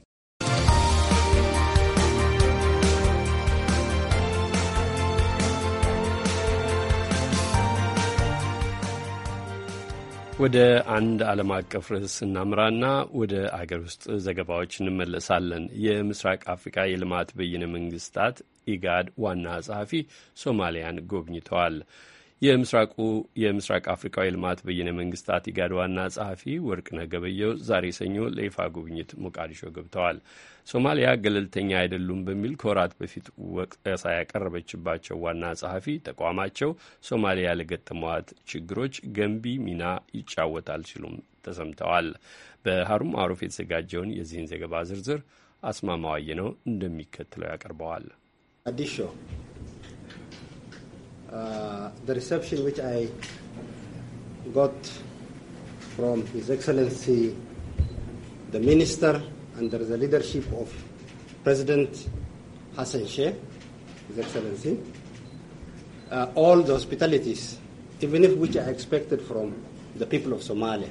ወደ አንድ ዓለም አቀፍ ርዕስ እናምራና ወደ አገር ውስጥ ዘገባዎች እንመለሳለን። የምስራቅ አፍሪካ የልማት በይነ መንግስታት ኢጋድ ዋና ጸሐፊ ሶማሊያን ጎብኝተዋል። የምስራቁ የምስራቅ አፍሪካዊ ልማት በየነ መንግስታት ኢጋድ ዋና ጸሐፊ ወርቅነህ ገበየሁ ዛሬ ሰኞ ለይፋ ጉብኝት ሞቃዲሾ ገብተዋል። ሶማሊያ ገለልተኛ አይደሉም በሚል ከወራት በፊት ወቀሳ ያቀረበችባቸው ዋና ጸሐፊ ተቋማቸው ሶማሊያ ለገጠሟት ችግሮች ገንቢ ሚና ይጫወታል ሲሉም ተሰምተዋል። በሀሩም አሮፍ የተዘጋጀውን የዚህን ዘገባ ዝርዝር አስማማዋየ ነው እንደሚከትለው ያቀርበዋል። አዲሾ Uh, the reception which I got from His Excellency the Minister under the leadership of President Hassan Sheikh, His Excellency, uh, all the hospitalities, even if which I expected from the people of Somalia.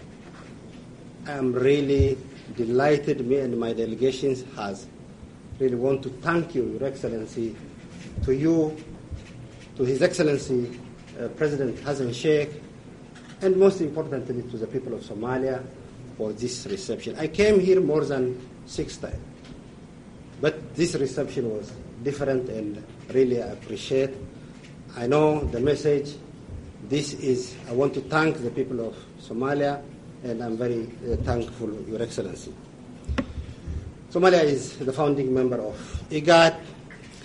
I am really delighted, me and my delegations has really want to thank you, Your Excellency, to you to His Excellency uh, President Hassan Sheikh, and most importantly to the people of Somalia for this reception. I came here more than six times, but this reception was different and really I appreciate. I know the message. This is, I want to thank the people of Somalia, and I'm very uh, thankful, Your Excellency. Somalia is the founding member of IGAD.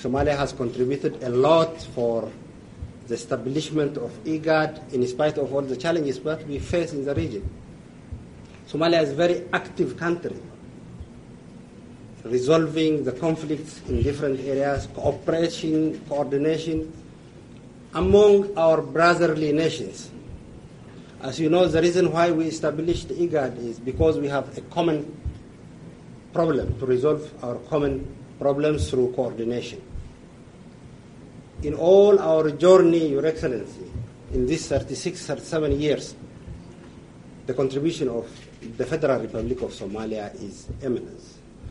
Somalia has contributed a lot for the establishment of IGAD in spite of all the challenges that we face in the region. Somalia is a very active country, resolving the conflicts in different areas, cooperation, coordination among our brotherly nations. As you know, the reason why we established IGAD is because we have a common problem to resolve our common problems through coordination in all our journey, Your Excellency, in these 36, 37 years, the contribution of the Federal Republic of Somalia is eminent.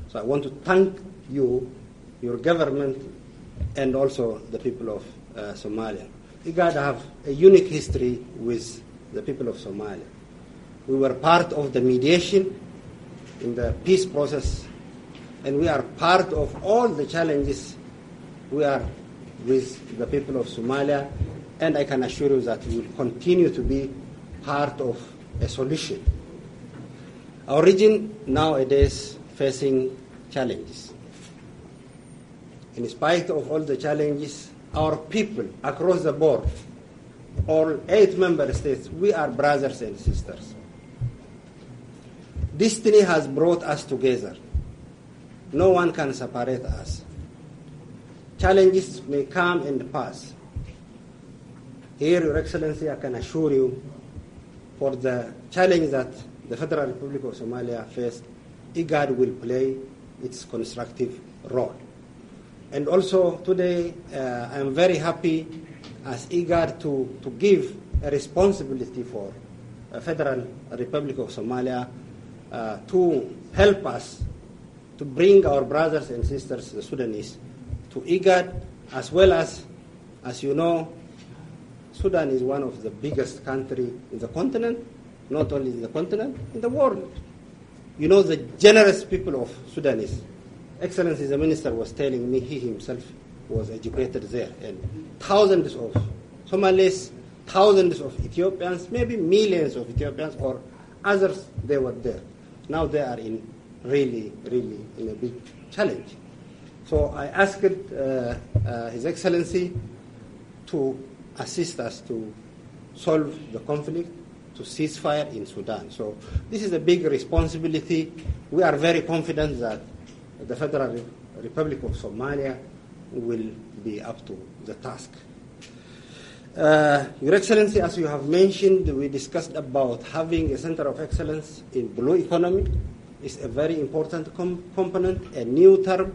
So I want to thank you, your government, and also the people of uh, Somalia. IGAD have a unique history with the people of Somalia. We were part of the mediation in the peace process, and we are part of all the challenges we are with the people of Somalia, and I can assure you that we will continue to be part of a solution. Our region nowadays facing challenges. In spite of all the challenges, our people across the board, all eight member states, we are brothers and sisters. Destiny has brought us together. No one can separate us challenges may come and pass. Here, Your Excellency, I can assure you for the challenge that the Federal Republic of Somalia faced, IGAD will play its constructive role. And also today, uh, I'm very happy as IGAD to, to give a responsibility for the uh, Federal Republic of Somalia uh, to help us to bring our brothers and sisters, the Sudanese, to IGAD, as well as, as you know, Sudan is one of the biggest country in the continent, not only in the continent, in the world. You know the generous people of Sudanese. Excellency, the minister was telling me he himself was educated there, and thousands of Somalis, thousands of Ethiopians, maybe millions of Ethiopians or others, they were there. Now they are in really, really in a big challenge. So I asked uh, uh, His Excellency to assist us to solve the conflict, to cease fire in Sudan. So this is a big responsibility. We are very confident that the Federal Republic of Somalia will be up to the task. Uh, Your Excellency, as you have mentioned, we discussed about having a center of excellence in blue economy. It's a very important com- component, a new term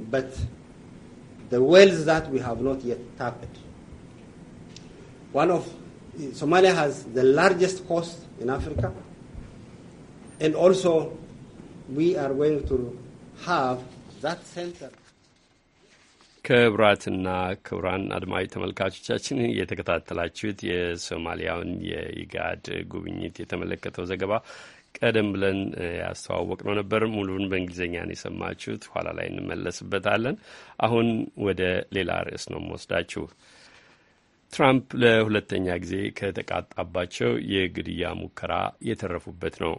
but the wells that we have not yet tapped. One of Somalia has the largest coast in Africa, and also we are going to have that center. ክቡራትና ክቡራን አድማጭ ተመልካቾቻችን እየተከታተላችሁት የሶማሊያውን የኢጋድ ጉብኝት የተመለከተው ዘገባ ቀደም ብለን ያስተዋወቅ ነው ነበር። ሙሉን በእንግሊዝኛ ነው የሰማችሁት። ኋላ ላይ እንመለስበታለን። አሁን ወደ ሌላ ርዕስ ነው የምወስዳችሁ። ትራምፕ ለሁለተኛ ጊዜ ከተቃጣባቸው የግድያ ሙከራ የተረፉበት ነው።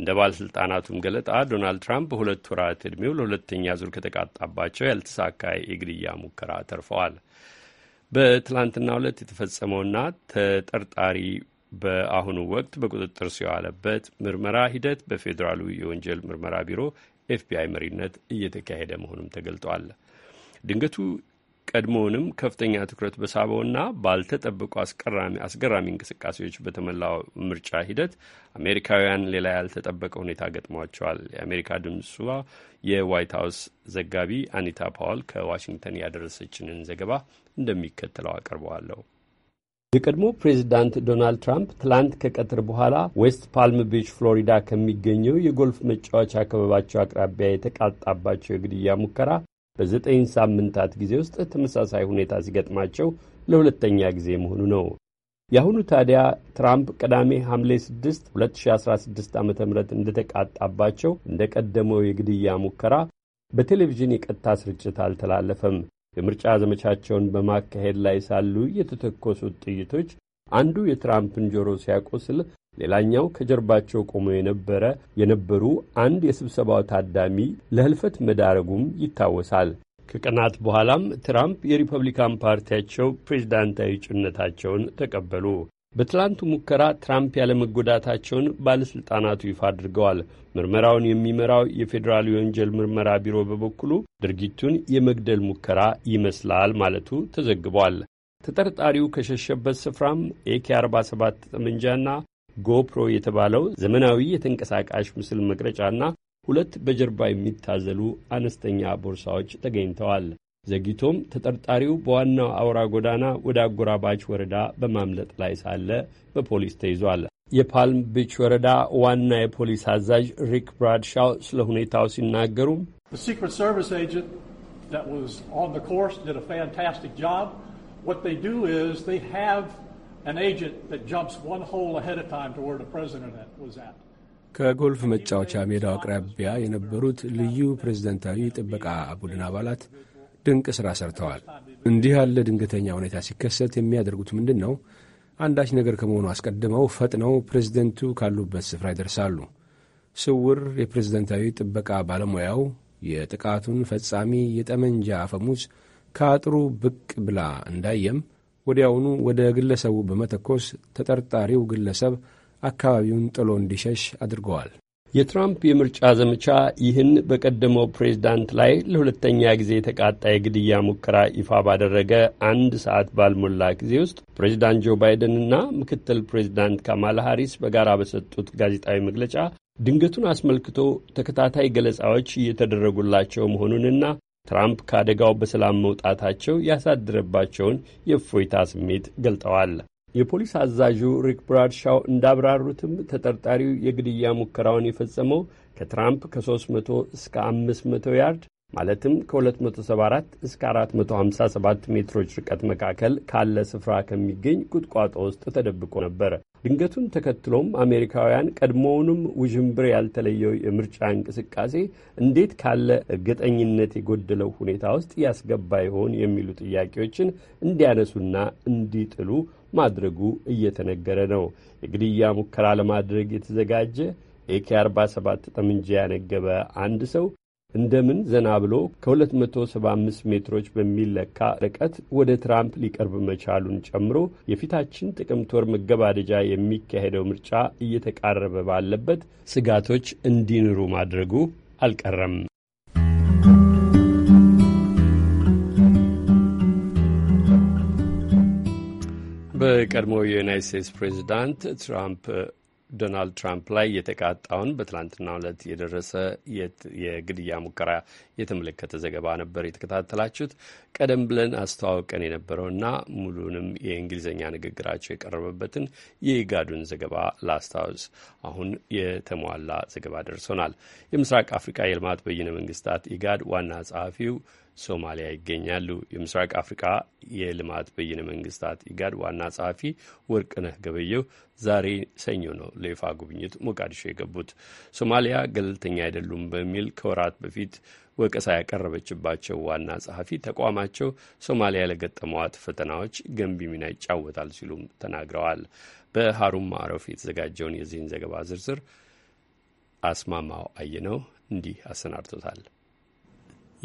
እንደ ባለሥልጣናቱም ገለጣ ዶናልድ ትራምፕ በሁለት ወራት ዕድሜው ለሁለተኛ ዙር ከተቃጣባቸው ያልተሳካ የግድያ ሙከራ ተርፈዋል። በትላንትና ዕለት የተፈጸመውና ተጠርጣሪ በአሁኑ ወቅት በቁጥጥር ስር የዋለበት ምርመራ ሂደት በፌዴራሉ የወንጀል ምርመራ ቢሮ ኤፍቢአይ መሪነት እየተካሄደ መሆኑም ተገልጧል። ድንገቱ ቀድሞውንም ከፍተኛ ትኩረት በሳበውና ባልተጠበቁ አስገራሚ እንቅስቃሴዎች በተሞላው ምርጫ ሂደት አሜሪካውያን ሌላ ያልተጠበቀ ሁኔታ ገጥሟቸዋል። የአሜሪካ ድምጽ የዋይት ሀውስ ዘጋቢ አኒታ ፓውል ከዋሽንግተን ያደረሰችንን ዘገባ እንደሚከተለው አቀርበዋለሁ። የቀድሞ ፕሬዚዳንት ዶናልድ ትራምፕ ትላንት ከቀትር በኋላ ዌስት ፓልም ቤች ፍሎሪዳ ከሚገኘው የጎልፍ መጫወቻ ክበባቸው አቅራቢያ የተቃጣባቸው የግድያ ሙከራ በዘጠኝ ሳምንታት ጊዜ ውስጥ ተመሳሳይ ሁኔታ ሲገጥማቸው ለሁለተኛ ጊዜ መሆኑ ነው። የአሁኑ ታዲያ ትራምፕ ቅዳሜ ሐምሌ 6 2016 ዓ ም እንደተቃጣባቸው እንደ ቀደመው የግድያ ሙከራ በቴሌቪዥን የቀጥታ ስርጭት አልተላለፈም። የምርጫ ዘመቻቸውን በማካሄድ ላይ ሳሉ የተተኮሱት ጥይቶች አንዱ የትራምፕን ጆሮ ሲያቆስል፣ ሌላኛው ከጀርባቸው ቆሞ የነበረ የነበሩ አንድ የስብሰባው ታዳሚ ለህልፈት መዳረጉም ይታወሳል። ከቀናት በኋላም ትራምፕ የሪፐብሊካን ፓርቲያቸው ፕሬዝዳንታዊ እጩነታቸውን ተቀበሉ። በትላንቱ ሙከራ ትራምፕ ያለመጎዳታቸውን ባለሥልጣናቱ ይፋ አድርገዋል። ምርመራውን የሚመራው የፌዴራል የወንጀል ምርመራ ቢሮ በበኩሉ ድርጊቱን የመግደል ሙከራ ይመስላል ማለቱ ተዘግቧል። ተጠርጣሪው ከሸሸበት ስፍራም ኤኬ 47 ጠመንጃና ጎፕሮ የተባለው ዘመናዊ የተንቀሳቃሽ ምስል መቅረጫና ሁለት በጀርባ የሚታዘሉ አነስተኛ ቦርሳዎች ተገኝተዋል። ዘግይቶም ተጠርጣሪው በዋናው አውራ ጎዳና ወደ አጎራባች ወረዳ በማምለጥ ላይ ሳለ በፖሊስ ተይዟል። የፓልም ቢች ወረዳ ዋና የፖሊስ አዛዥ ሪክ ብራድሻው ስለ ሁኔታው ሲናገሩ ከጎልፍ መጫወቻ ሜዳው አቅራቢያ የነበሩት ልዩ ፕሬዝደንታዊ ጥበቃ ቡድን አባላት ድንቅ ሥራ ሰርተዋል። እንዲህ ያለ ድንገተኛ ሁኔታ ሲከሰት የሚያደርጉት ምንድን ነው? አንዳች ነገር ከመሆኑ አስቀድመው ፈጥነው ፕሬዝደንቱ ካሉበት ስፍራ ይደርሳሉ። ስውር የፕሬዝደንታዊ ጥበቃ ባለሙያው የጥቃቱን ፈጻሚ የጠመንጃ አፈሙዝ ከአጥሩ ብቅ ብላ እንዳየም ወዲያውኑ ወደ ግለሰቡ በመተኮስ ተጠርጣሪው ግለሰብ አካባቢውን ጥሎ እንዲሸሽ አድርገዋል። የትራምፕ የምርጫ ዘመቻ ይህን በቀደመው ፕሬዝዳንት ላይ ለሁለተኛ ጊዜ የተቃጣ የግድያ ሙከራ ይፋ ባደረገ አንድ ሰዓት ባልሞላ ጊዜ ውስጥ ፕሬዚዳንት ጆ ባይደንና ምክትል ፕሬዚዳንት ካማላ ሃሪስ በጋራ በሰጡት ጋዜጣዊ መግለጫ ድንገቱን አስመልክቶ ተከታታይ ገለጻዎች እየተደረጉላቸው መሆኑንና ትራምፕ ከአደጋው በሰላም መውጣታቸው ያሳደረባቸውን የእፎይታ ስሜት ገልጠዋል። የፖሊስ አዛዡ ሪክ ብራድሻው እንዳብራሩትም ተጠርጣሪው የግድያ ሙከራውን የፈጸመው ከትራምፕ ከ300 እስከ 500 ያርድ ማለትም ከ274 እስከ 457 ሜትሮች ርቀት መካከል ካለ ስፍራ ከሚገኝ ቁጥቋጦ ውስጥ ተደብቆ ነበር። ድንገቱን ተከትሎም አሜሪካውያን ቀድሞውንም ውዥንብር ያልተለየው የምርጫ እንቅስቃሴ እንዴት ካለ እርግጠኝነት የጎደለው ሁኔታ ውስጥ ያስገባ ይሆን የሚሉ ጥያቄዎችን እንዲያነሱና እንዲጥሉ ማድረጉ እየተነገረ ነው። የግድያ ሙከራ ለማድረግ የተዘጋጀ ኤኬ 47 ጠመንጃ ያነገበ አንድ ሰው እንደምን ዘና ብሎ ከ275 ሜትሮች በሚለካ ርቀት ወደ ትራምፕ ሊቀርብ መቻሉን ጨምሮ የፊታችን ጥቅምት ወር መገባደጃ የሚካሄደው ምርጫ እየተቃረበ ባለበት ስጋቶች እንዲኖሩ ማድረጉ አልቀረም። በቀድሞው የዩናይት ስቴትስ ፕሬዚዳንት ትራምፕ ዶናልድ ትራምፕ ላይ የተቃጣውን በትላንትናው ዕለት የደረሰ የግድያ ሙከራ የተመለከተ ዘገባ ነበር የተከታተላችሁት። ቀደም ብለን አስተዋውቀን የነበረውና ሙሉንም የእንግሊዝኛ ንግግራቸው የቀረበበትን የኢጋዱን ዘገባ ላስታውስ። አሁን የተሟላ ዘገባ ደርሶናል። የምስራቅ አፍሪካ የልማት በይነ መንግስታት ኢጋድ ዋና ጸሐፊው ሶማሊያ ይገኛሉ። የምስራቅ አፍሪካ የልማት በይነ መንግስታት ኢጋድ ዋና ጸሐፊ ወርቅነህ ገበየው ዛሬ ሰኞ ነው ለይፋ ጉብኝት ሞቃዲሾ የገቡት። ሶማሊያ ገለልተኛ አይደሉም በሚል ከወራት በፊት ወቀሳ ያቀረበችባቸው ዋና ጸሐፊ ተቋማቸው ሶማሊያ ለገጠመዋት ፈተናዎች ገንቢ ሚና ይጫወታል ሲሉም ተናግረዋል። በሀሩን ማዕረፍ የተዘጋጀውን የዚህን ዘገባ ዝርዝር አስማማው አየነው እንዲህ አሰናድቶታል።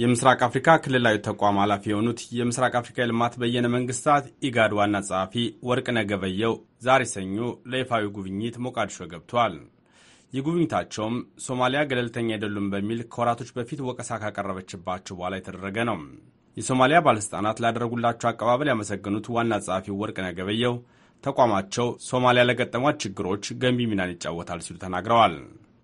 የምስራቅ አፍሪካ ክልላዊ ተቋም ኃላፊ የሆኑት የምስራቅ አፍሪካ የልማት በየነ መንግስታት ኢጋድ ዋና ጸሐፊ ወርቅነህ ገበየሁ ዛሬ ሰኞ ለይፋዊ ጉብኝት ሞቃዲሾ ገብቷል። የጉብኝታቸውም ሶማሊያ ገለልተኛ አይደሉም በሚል ከወራቶች በፊት ወቀሳ ካቀረበችባቸው በኋላ የተደረገ ነው። የሶማሊያ ባለሥልጣናት ላደረጉላቸው አቀባበል ያመሰገኑት ዋና ጸሐፊው ወርቅነህ ገበየሁ ተቋማቸው ሶማሊያ ለገጠሟት ችግሮች ገንቢ ሚናን ይጫወታል ሲሉ ተናግረዋል።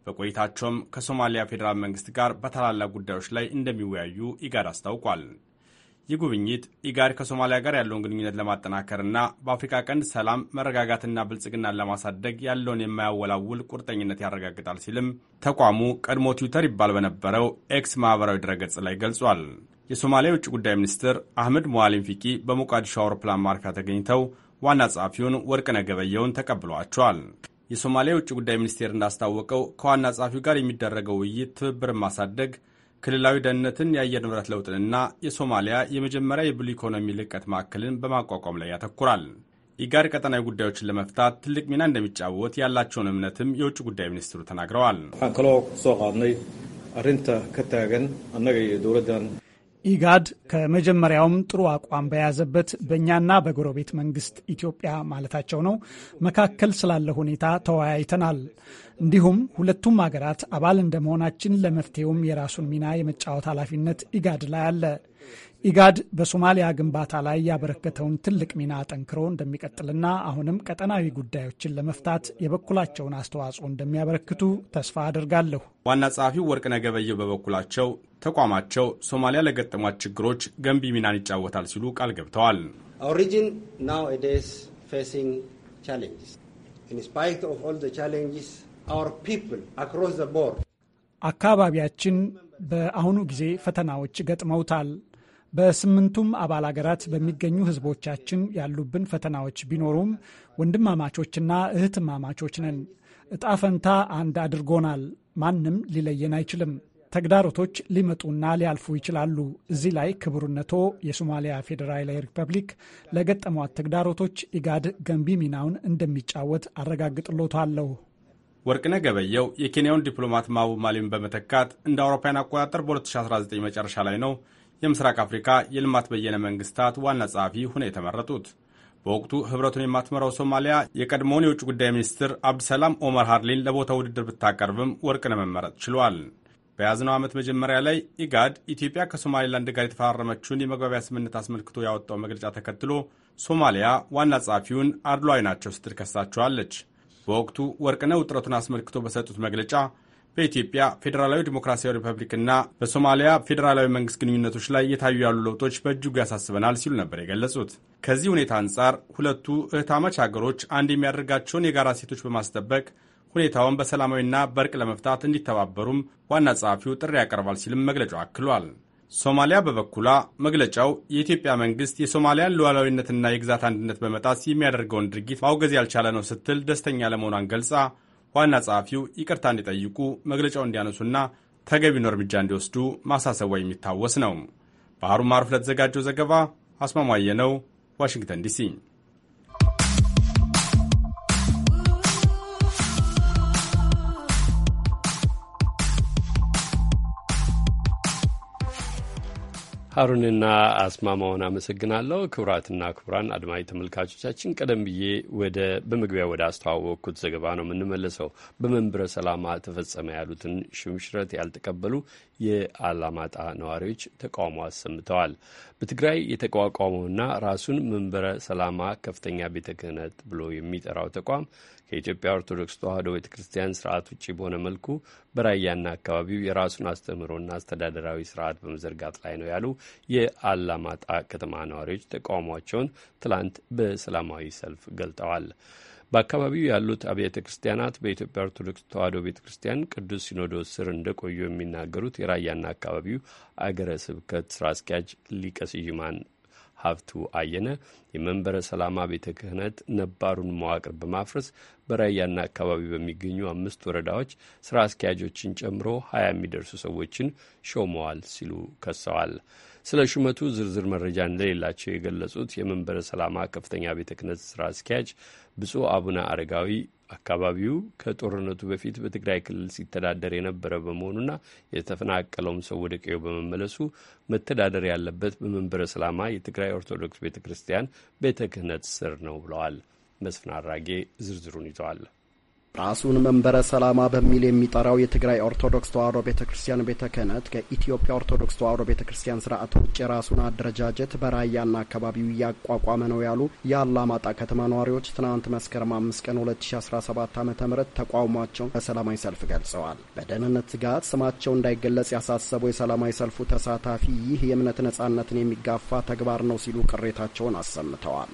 በቆይታቸውም ከሶማሊያ ፌዴራል መንግስት ጋር በታላላቅ ጉዳዮች ላይ እንደሚወያዩ ኢጋድ አስታውቋል። ይህ ጉብኝት ኢጋድ ከሶማሊያ ጋር ያለውን ግንኙነት ለማጠናከርና በአፍሪካ ቀንድ ሰላም፣ መረጋጋትና ብልጽግናን ለማሳደግ ያለውን የማያወላውል ቁርጠኝነት ያረጋግጣል ሲልም ተቋሙ ቀድሞ ትዊተር ይባል በነበረው ኤክስ ማህበራዊ ድረገጽ ላይ ገልጿል። የሶማሊያ የውጭ ጉዳይ ሚኒስትር አህመድ ሞዓሊም ፊቂ በሞቃዲሾ አውሮፕላን ማረፊያ ተገኝተው ዋና ጸሐፊውን ወርቅነህ ገበየውን ተቀብሏቸዋል። የሶማሊያ የውጭ ጉዳይ ሚኒስቴር እንዳስታወቀው ከዋና ጸሐፊው ጋር የሚደረገው ውይይት ትብብርን ማሳደግ ክልላዊ ደህንነትን፣ የአየር ንብረት ለውጥንና የሶማሊያ የመጀመሪያ የብሉ ኢኮኖሚ ልቀት ማዕከልን በማቋቋም ላይ ያተኩራል። ኢጋድ ቀጠናዊ ጉዳዮችን ለመፍታት ትልቅ ሚና እንደሚጫወት ያላቸውን እምነትም የውጭ ጉዳይ ሚኒስትሩ ተናግረዋል። ኢጋድ ከመጀመሪያውም ጥሩ አቋም በያዘበት በእኛና በጎረቤት መንግስት ኢትዮጵያ ማለታቸው ነው መካከል ስላለ ሁኔታ ተወያይተናል። እንዲሁም ሁለቱም ሀገራት አባል እንደመሆናችን ለመፍትሄውም የራሱን ሚና የመጫወት ኃላፊነት ኢጋድ ላይ አለ። ኢጋድ በሶማሊያ ግንባታ ላይ ያበረከተውን ትልቅ ሚና ጠንክሮ እንደሚቀጥልና አሁንም ቀጠናዊ ጉዳዮችን ለመፍታት የበኩላቸውን አስተዋጽኦ እንደሚያበረክቱ ተስፋ አድርጋለሁ። ዋና ጸሐፊው ወርቅነህ ገበየሁ በበኩላቸው ተቋማቸው ሶማሊያ ለገጠሟት ችግሮች ገንቢ ሚናን ይጫወታል ሲሉ ቃል ገብተዋል። አካባቢያችን በአሁኑ ጊዜ ፈተናዎች ገጥመውታል። በስምንቱም አባል አገራት በሚገኙ ህዝቦቻችን ያሉብን ፈተናዎች ቢኖሩም ወንድማማቾችና እህትማማቾች ነን። እጣ ፈንታ አንድ አድርጎናል። ማንም ሊለየን አይችልም። ተግዳሮቶች ሊመጡና ሊያልፉ ይችላሉ። እዚህ ላይ ክቡርነቶ የሶማሊያ ፌዴራላዊ ሪፐብሊክ ለገጠሟት ተግዳሮቶች ኢጋድ ገንቢ ሚናውን እንደሚጫወት አረጋግጥሎታለሁ። ወርቅነ ገበየው የኬንያውን ዲፕሎማት ማቡ ማሊምን በመተካት እንደ አውሮፓውያን አቆጣጠር በ2019 መጨረሻ ላይ ነው የምስራቅ አፍሪካ የልማት በየነ መንግስታት ዋና ጸሐፊ ሆነው የተመረጡት። በወቅቱ ህብረቱን የማትመራው ሶማሊያ የቀድሞውን የውጭ ጉዳይ ሚኒስትር አብድሰላም ኦመር ሃርሊን ለቦታው ውድድር ብታቀርብም ወርቅ መመረጥ ችሏል። በያዝነው ዓመት መጀመሪያ ላይ ኢጋድ ኢትዮጵያ ከሶማሌላንድ ጋር የተፈራረመችውን የመግባቢያ ስምምነት አስመልክቶ ያወጣው መግለጫ ተከትሎ ሶማሊያ ዋና ጸሐፊውን አድሏዊ ናቸው ስትል ከሳቸዋለች። በወቅቱ ወርቅነህ ውጥረቱን አስመልክቶ በሰጡት መግለጫ በኢትዮጵያ ፌዴራላዊ ዴሞክራሲያዊ ሪፐብሊክና በሶማሊያ ፌዴራላዊ መንግስት ግንኙነቶች ላይ የታዩ ያሉ ለውጦች በእጅጉ ያሳስበናል ሲሉ ነበር የገለጹት። ከዚህ ሁኔታ አንጻር ሁለቱ እህታማች ሀገሮች አንድ የሚያደርጋቸውን የጋራ ሴቶች በማስጠበቅ ሁኔታውን በሰላማዊና በእርቅ ለመፍታት እንዲተባበሩም ዋና ጸሐፊው ጥሪ ያቀርባል ሲልም መግለጫው አክሏል። ሶማሊያ በበኩሏ መግለጫው የኢትዮጵያ መንግስት የሶማሊያን ሉዓላዊነትና የግዛት አንድነት በመጣስ የሚያደርገውን ድርጊት ማውገዝ ያልቻለ ነው ስትል ደስተኛ ለመሆኗን ገልጻ ዋና ጸሐፊው ይቅርታ እንዲጠይቁ መግለጫው እንዲያነሱና ተገቢውን እርምጃ እንዲወስዱ ማሳሰቧ የሚታወስ ነው። ባህሩ ማሩፍ ለተዘጋጀው ዘገባ አስማማየ ነው፣ ዋሽንግተን ዲሲ ሀሩንና አስማማውን አመሰግናለሁ። ክቡራትና ክቡራን አድማጭ ተመልካቾቻችን ቀደም ብዬ ወደ በመግቢያ ወደ አስተዋወቅኩት ዘገባ ነው የምንመለሰው። በመንበረ ሰላማ ተፈጸመ ያሉትን ሽምሽረት ያልተቀበሉ የአላማጣ ነዋሪዎች ተቃውሞ አሰምተዋል። በትግራይ የተቋቋመውና ራሱን መንበረ ሰላማ ከፍተኛ ቤተ ክህነት ብሎ የሚጠራው ተቋም ከኢትዮጵያ ኦርቶዶክስ ተዋሕዶ ቤተ ክርስቲያን ስርዓት ውጭ በሆነ መልኩ በራያና አካባቢው የራሱን አስተምህሮና አስተዳደራዊ ስርዓት በመዘርጋት ላይ ነው ያሉ የአላማጣ ከተማ ነዋሪዎች ተቃውሟቸውን ትላንት በሰላማዊ ሰልፍ ገልጠዋል። በአካባቢው ያሉት አብያተ ክርስቲያናት በኢትዮጵያ ኦርቶዶክስ ተዋሕዶ ቤተ ክርስቲያን ቅዱስ ሲኖዶስ ስር እንደቆዩ የሚናገሩት የራያና አካባቢው አገረ ስብከት ስራ አስኪያጅ ሊቀ ስዩማን ሀብቱ አየነ የመንበረ ሰላማ ቤተ ክህነት ነባሩን መዋቅር በማፍረስ በራያና አካባቢ በሚገኙ አምስት ወረዳዎች ስራ አስኪያጆችን ጨምሮ ሀያ የሚደርሱ ሰዎችን ሾመዋል ሲሉ ከሰዋል። ስለ ሹመቱ ዝርዝር መረጃ እንደሌላቸው የገለጹት የመንበረ ሰላማ ከፍተኛ ቤተ ክህነት ስራ አስኪያጅ ብፁዕ አቡነ አረጋዊ አካባቢው ከጦርነቱ በፊት በትግራይ ክልል ሲተዳደር የነበረ በመሆኑና የተፈናቀለውም ሰው ወደ ቀዩ በመመለሱ መተዳደር ያለበት በመንበረ ሰላማ የትግራይ ኦርቶዶክስ ቤተ ክርስቲያን ቤተ ክህነት ስር ነው ብለዋል። መስፍን አራጌ ዝርዝሩን ይዘዋል። ራሱን መንበረ ሰላማ በሚል የሚጠራው የትግራይ ኦርቶዶክስ ተዋሕዶ ቤተ ክርስቲያን ቤተ ክህነት ከኢትዮጵያ ኦርቶዶክስ ተዋሕዶ ቤተ ክርስቲያን ስርዓት ውጭ የራሱን አደረጃጀት በራያና አካባቢው እያቋቋመ ነው ያሉ የአላማጣ ከተማ ነዋሪዎች ትናንት መስከረም አምስት ቀን 2017 ዓ ም ተቃውሟቸውን በሰላማዊ ሰልፍ ገልጸዋል። በደህንነት ስጋት ስማቸው እንዳይገለጽ ያሳሰቡ የሰላማዊ ሰልፉ ተሳታፊ ይህ የእምነት ነጻነትን የሚጋፋ ተግባር ነው ሲሉ ቅሬታቸውን አሰምተዋል።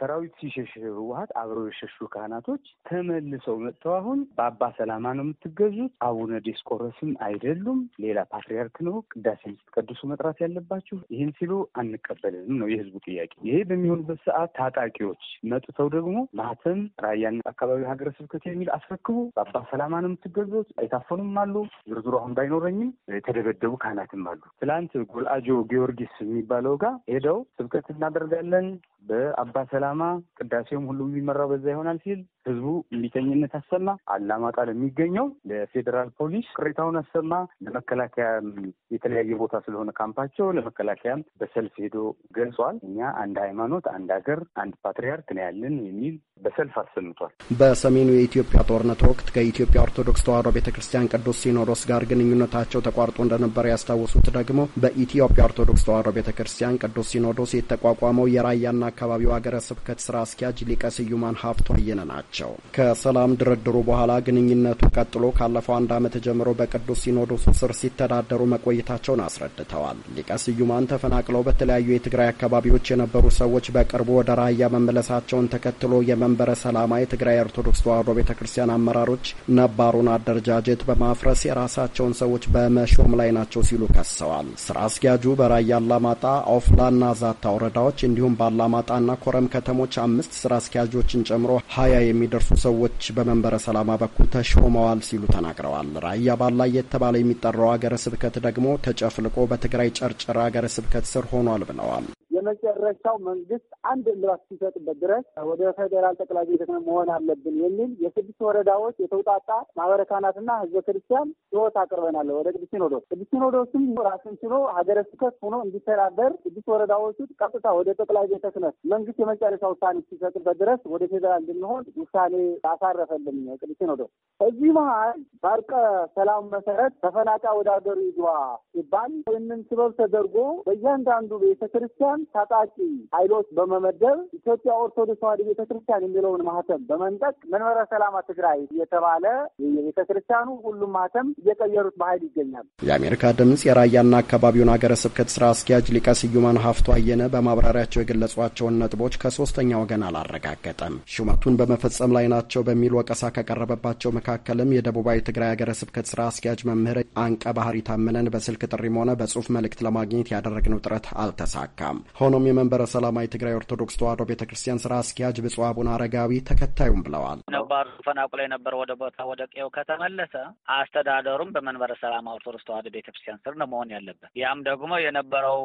ሰራዊት ሲሸሽ ህወሀት አብረው የሸሹ ካህናቶች ተመልሰው መጥተው አሁን በአባ ሰላማ ነው የምትገዙት፣ አቡነ ዲስቆረስም አይደሉም፣ ሌላ ፓትሪያርክ ነው፣ ቅዳሴ ስትቀድሱ መጥራት ያለባችሁ ይህን ሲሉ አንቀበልንም ነው የህዝቡ ጥያቄ። ይሄ በሚሆኑበት ሰዓት ታጣቂዎች መጥተው ደግሞ ማተም ራያን አካባቢ ሀገረ ስብከት የሚል አስረክቡ፣ በአባ ሰላማ ነው የምትገዙት፣ አይታፈኑም አሉ። ዝርዝሩ አሁን ባይኖረኝም የተደበደቡ ካህናትም አሉ። ትላንት ጎልአጆ ጊዮርጊስ የሚባለው ጋር ሄደው ስብከት እናደርጋለን በአባ ሰላ አላማ ቅዳሴውም ሁሉም የሚመራው በዛ ይሆናል ሲል ህዝቡ እምቢተኝነት አሰማ። አላማጣ የሚገኘው ለፌዴራል ፖሊስ ቅሬታውን አሰማ። ለመከላከያም የተለያየ ቦታ ስለሆነ ካምፓቸው ለመከላከያም በሰልፍ ሄዶ ገልጿል። እኛ አንድ ሃይማኖት፣ አንድ ሀገር፣ አንድ ፓትሪያርክ ነው ያለን የሚል በሰልፍ አሰምቷል። በሰሜኑ የኢትዮጵያ ጦርነት ወቅት ከኢትዮጵያ ኦርቶዶክስ ተዋሕዶ ቤተ ክርስቲያን ቅዱስ ሲኖዶስ ጋር ግንኙነታቸው ተቋርጦ እንደነበረ ያስታወሱት ደግሞ በኢትዮጵያ ኦርቶዶክስ ተዋሕዶ ቤተ ክርስቲያን ቅዱስ ሲኖዶስ የተቋቋመው የራያና አካባቢው ሀገረ ስብከት ስራ አስኪያጅ ሊቀ ስዩማን ሀብቶ አየነ ናቸው። ከሰላም ድርድሩ በኋላ ግንኙነቱ ቀጥሎ ካለፈው አንድ ዓመት ጀምሮ በቅዱስ ሲኖዶሱ ስር ሲተዳደሩ መቆየታቸውን አስረድተዋል። ሊቀ ስዩማን ተፈናቅለው በተለያዩ የትግራይ አካባቢዎች የነበሩ ሰዎች በቅርቡ ወደ ራያ መመለሳቸውን ተከትሎ የመንበረ ሰላማ የትግራይ ኦርቶዶክስ ተዋሕዶ ቤተ ክርስቲያን አመራሮች ነባሩን አደረጃጀት በማፍረስ የራሳቸውን ሰዎች በመሾም ላይ ናቸው ሲሉ ከሰዋል። ስራ አስኪያጁ በራያ አላማጣ፣ ኦፍላና ዛታ ወረዳዎች እንዲሁም በአላማጣና ኮረም ከተሞች አምስት ስራ አስኪያጆችን ጨምሮ ሀያ የሚደርሱ ሰዎች በመንበረ ሰላማ በኩል ተሾመዋል ሲሉ ተናግረዋል። ራያ ባላ እየተባለ የሚጠራው አገረ ስብከት ደግሞ ተጨፍልቆ በትግራይ ጨርጨር አገረ ስብከት ስር ሆኗል ብለዋል። የመጨረሻው መንግስት አንድ እልባት ሲሰጥበት ድረስ ወደ ፌዴራል ጠቅላይ ቤተ ክህነት መሆን አለብን የሚል የስድስት ወረዳዎች የተውጣጣ ማህበረ ካህናትና ህዝበ ክርስቲያን ህይወት አቅርበናል ወደ ቅዱስ ሲኖዶስ። ቅዱስ ሲኖዶስም ራስን ችሎ ሀገረ ስብከት ሆኖ እንዲተዳደር ስድስት ወረዳዎቹ ቀጥታ ወደ ጠቅላይ ቤተ ክህነት መንግስት የመጨረሻ ውሳኔ ሲሰጥበት ድረስ ወደ ፌዴራል እንድንሆን ውሳኔ አሳረፈልን ቅዱስ ሲኖዶስ። እዚህ መሀል ባርቀ ሰላም መሰረት ተፈናቃ ወደ ሀገሩ ይግባ ሲባል ይህንን ስበብ ተደርጎ በእያንዳንዱ ቤተክርስቲያን ታጣቂ ኃይሎች በመመደብ ኢትዮጵያ ኦርቶዶክስ ተዋህዶ ቤተክርስቲያን የሚለውን ማህተም በመንጠቅ መንበረ ሰላማ ትግራይ የተባለ የቤተክርስቲያኑ ሁሉም ማህተም እየቀየሩት በኃይል ይገኛል። የአሜሪካ ድምጽ የራያና አካባቢውን ሀገረ ስብከት ስራ አስኪያጅ ሊቀ ስዩማን ሀፍቶ አየነ በማብራሪያቸው የገለጿቸውን ነጥቦች ከሶስተኛ ወገን አላረጋገጠም። ሹመቱን በመፈጸም ላይ ናቸው በሚል ወቀሳ ከቀረበባቸው መካከልም የደቡባዊ ትግራይ ሀገረ ስብከት ስራ አስኪያጅ መምህር አንቀ ባህሪ ታምነን በስልክ ጥሪም ሆነ በጽሁፍ መልእክት ለማግኘት ያደረግነው ጥረት አልተሳካም። ሆኖም የመንበረ ሰላማዊ ትግራይ ኦርቶዶክስ ተዋህዶ ቤተ ክርስቲያን ስራ አስኪያጅ ብፁዕ አቡነ አረጋዊ ተከታዩም ብለዋል። ነባሩ ፈናቁሎ የነበረ ወደ ቦታ ወደ ቀዬው ከተመለሰ አስተዳደሩም በመንበረ ሰላማ ኦርቶዶክስ ተዋህዶ ቤተ ክርስቲያን ስር ነው መሆን ያለበት። ያም ደግሞ የነበረው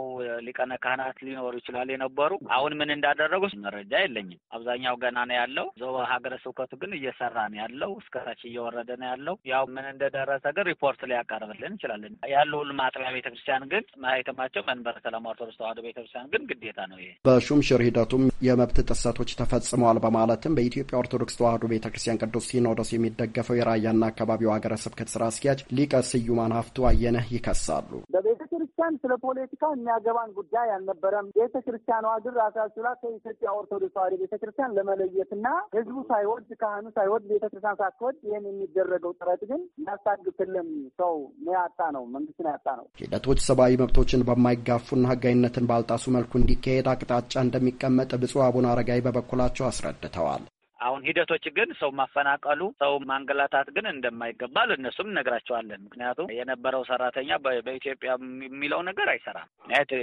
ሊቀነ ካህናት ሊኖሩ ይችላል የነበሩ አሁን ምን እንዳደረጉ መረጃ የለኝም። አብዛኛው ገና ነው ያለው። ዞበ ሀገረ ስብከቱ ግን እየሰራ ነው ያለው፣ እስከታች እየወረደ ነው ያለው። ያው ምን እንደደረሰ ግን ሪፖርት ሊያቀርብልን እንችላለን። ያሉ ሁሉም አጥቢያ ቤተክርስቲያን ግን ማህተማቸው መንበረ ሰላማ ኦርቶዶክስ ተዋሕዶ ቤተክርስቲያን ግን የለበትም፣ ግዴታ ነው ይሄ። በሹም ሽር ሂደቱም የመብት ጥሰቶች ተፈጽመዋል በማለትም በኢትዮጵያ ኦርቶዶክስ ተዋሕዶ ቤተ ክርስቲያን ቅዱስ ሲኖዶስ የሚደገፈው የራያና አካባቢው ሀገረ ስብከት ስራ አስኪያጅ ሊቀ ስዩማን ሀፍቱ አየነህ ይከሳሉ። ቤተክርስቲያን ስለ ፖለቲካ የሚያገባን ጉዳይ አልነበረም። ቤተክርስቲያኗ ግን ራሳችሁ ላይ ከኢትዮጵያ ኦርቶዶክስ ተዋሕዶ ቤተክርስቲያን ለመለየትና ህዝቡ ሳይወድ ካህኑ ሳይወድ ቤተክርስቲያን ሳትወድ ይህን የሚደረገው ጥረት ግን ያሳግትልም ሰው ያጣ ነው፣ መንግስትን ያጣ ነው። ሂደቶች ሰብአዊ መብቶችን በማይጋፉና ህጋዊነትን ባልጣሱ መልኩ እንዲካሄድ አቅጣጫ እንደሚቀመጥ ብፁዕ አቡነ አረጋዊ በበኩላቸው አስረድተዋል። አሁን ሂደቶች ግን ሰው ማፈናቀሉ፣ ሰው ማንገላታት ግን እንደማይገባ ለእነሱም እነግራቸዋለን። ምክንያቱም የነበረው ሰራተኛ በኢትዮጵያ የሚለው ነገር አይሰራም።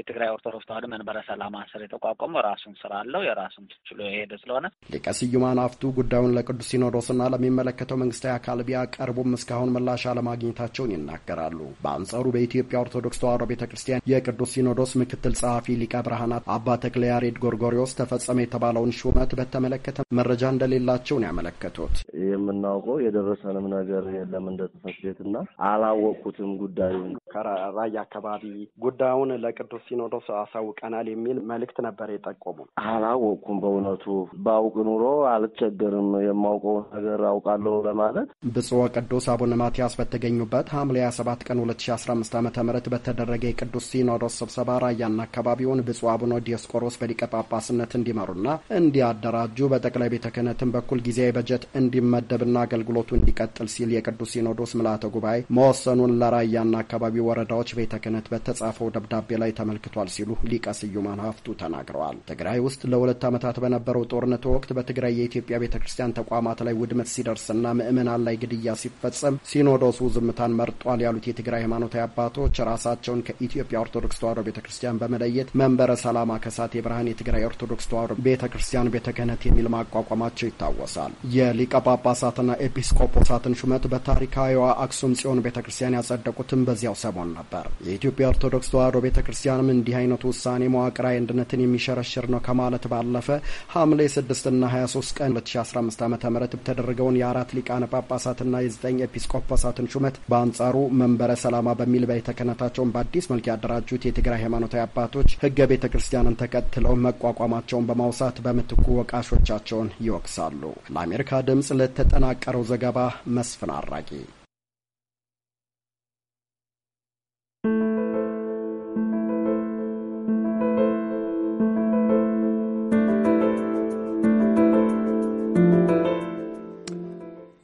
የትግራይ ኦርቶዶክስ ተዋሕዶ መንበረ ሰላማ ስር የተቋቋመው ራሱን ስራ አለው የራሱን ችሎ የሄደ ስለሆነ ሊቀ ስዩማን አፍቱ ጉዳዩን ለቅዱስ ሲኖዶስና ለሚመለከተው መንግስታዊ አካል ቢያቀርቡም እስካሁን ምላሽ አለማግኘታቸውን ይናገራሉ። በአንጻሩ በኢትዮጵያ ኦርቶዶክስ ተዋሕዶ ቤተ ክርስቲያን የቅዱስ ሲኖዶስ ምክትል ጸሐፊ ሊቀ ብርሃናት አባ ተክለ ያሬድ ጎርጎሪዎስ ተፈጸመ የተባለውን ሹመት በተመለከተ መረጃ እንደ እንደሌላቸውን ያመለከቱት የምናውቀው የደረሰንም ነገር የለም እንደ ጽሕፈት ቤትና አላወቅኩትም ጉዳዩን ከራያ አካባቢ ጉዳዩን ለቅዱስ ሲኖዶስ አሳውቀናል የሚል መልእክት ነበር የጠቆሙ። አላወቅኩም። በእውነቱ በአውቅ ኑሮ አልቸገርም። የማውቀው ነገር አውቃለሁ ለማለት ብፁዕ ቅዱስ አቡነ ማትያስ በተገኙበት ሐምሌ 27 ቀን 2015 ዓ ም በተደረገ የቅዱስ ሲኖዶስ ስብሰባ ራያና አካባቢውን ብፁዕ አቡነ ዲዮስቆሮስ በሊቀ ጳጳስነት እንዲመሩና እንዲያደራጁ በጠቅላይ ቤተ ክህነት በመንግስትም በኩል ጊዜያዊ በጀት እንዲመደብና አገልግሎቱ እንዲቀጥል ሲል የቅዱስ ሲኖዶስ ምልአተ ጉባኤ መወሰኑን ለራያና አካባቢው ወረዳዎች ቤተ ክህነት በተጻፈው ደብዳቤ ላይ ተመልክቷል ሲሉ ሊቀ ስዩማን ሀፍቱ ተናግረዋል። ትግራይ ውስጥ ለሁለት ዓመታት በነበረው ጦርነት ወቅት በትግራይ የኢትዮጵያ ቤተ ክርስቲያን ተቋማት ላይ ውድመት ሲደርስና ምዕመናን ላይ ግድያ ሲፈጸም ሲኖዶሱ ዝምታን መርጧል ያሉት የትግራይ ሃይማኖታዊ አባቶች ራሳቸውን ከኢትዮጵያ ኦርቶዶክስ ተዋሕዶ ቤተ ክርስቲያን በመለየት መንበረ ሰላማ ከሳቴ ብርሃን የትግራይ ኦርቶዶክስ ተዋሕዶ ቤተ ክርስቲያን ቤተ ክህነት የሚል ማቋቋማቸው መሾማቸው ይታወሳል። የሊቀ ጳጳሳትና ኤጲስቆጶሳትን ሹመት በታሪካዊዋ አክሱም ጽዮን ቤተ ክርስቲያን ያጸደቁትም በዚያው ሰሞን ነበር። የኢትዮጵያ ኦርቶዶክስ ተዋሕዶ ቤተ ክርስቲያንም እንዲህ አይነቱ ውሳኔ መዋቅራዊ አንድነትን የሚሸረሽር ነው ከማለት ባለፈ ሐምሌ 6ና 23 ቀን 2015 ዓ ም የተደረገውን የአራት ሊቃነ ጳጳሳትና የዘጠኝ ኤጲስቆጶሳትን ሹመት በአንጻሩ መንበረ ሰላማ በሚል በቤተ ክህነታቸውን በአዲስ መልክ ያደራጁት የትግራይ ሃይማኖታዊ አባቶች ህገ ቤተ ክርስቲያንን ተከትለው መቋቋማቸውን በማውሳት በምትኩ ወቃሾቻቸውን ይወቅሳል። ይጠቅሳሉ። ለአሜሪካ ድምፅ ለተጠናቀረው ዘገባ መስፍን አራቂ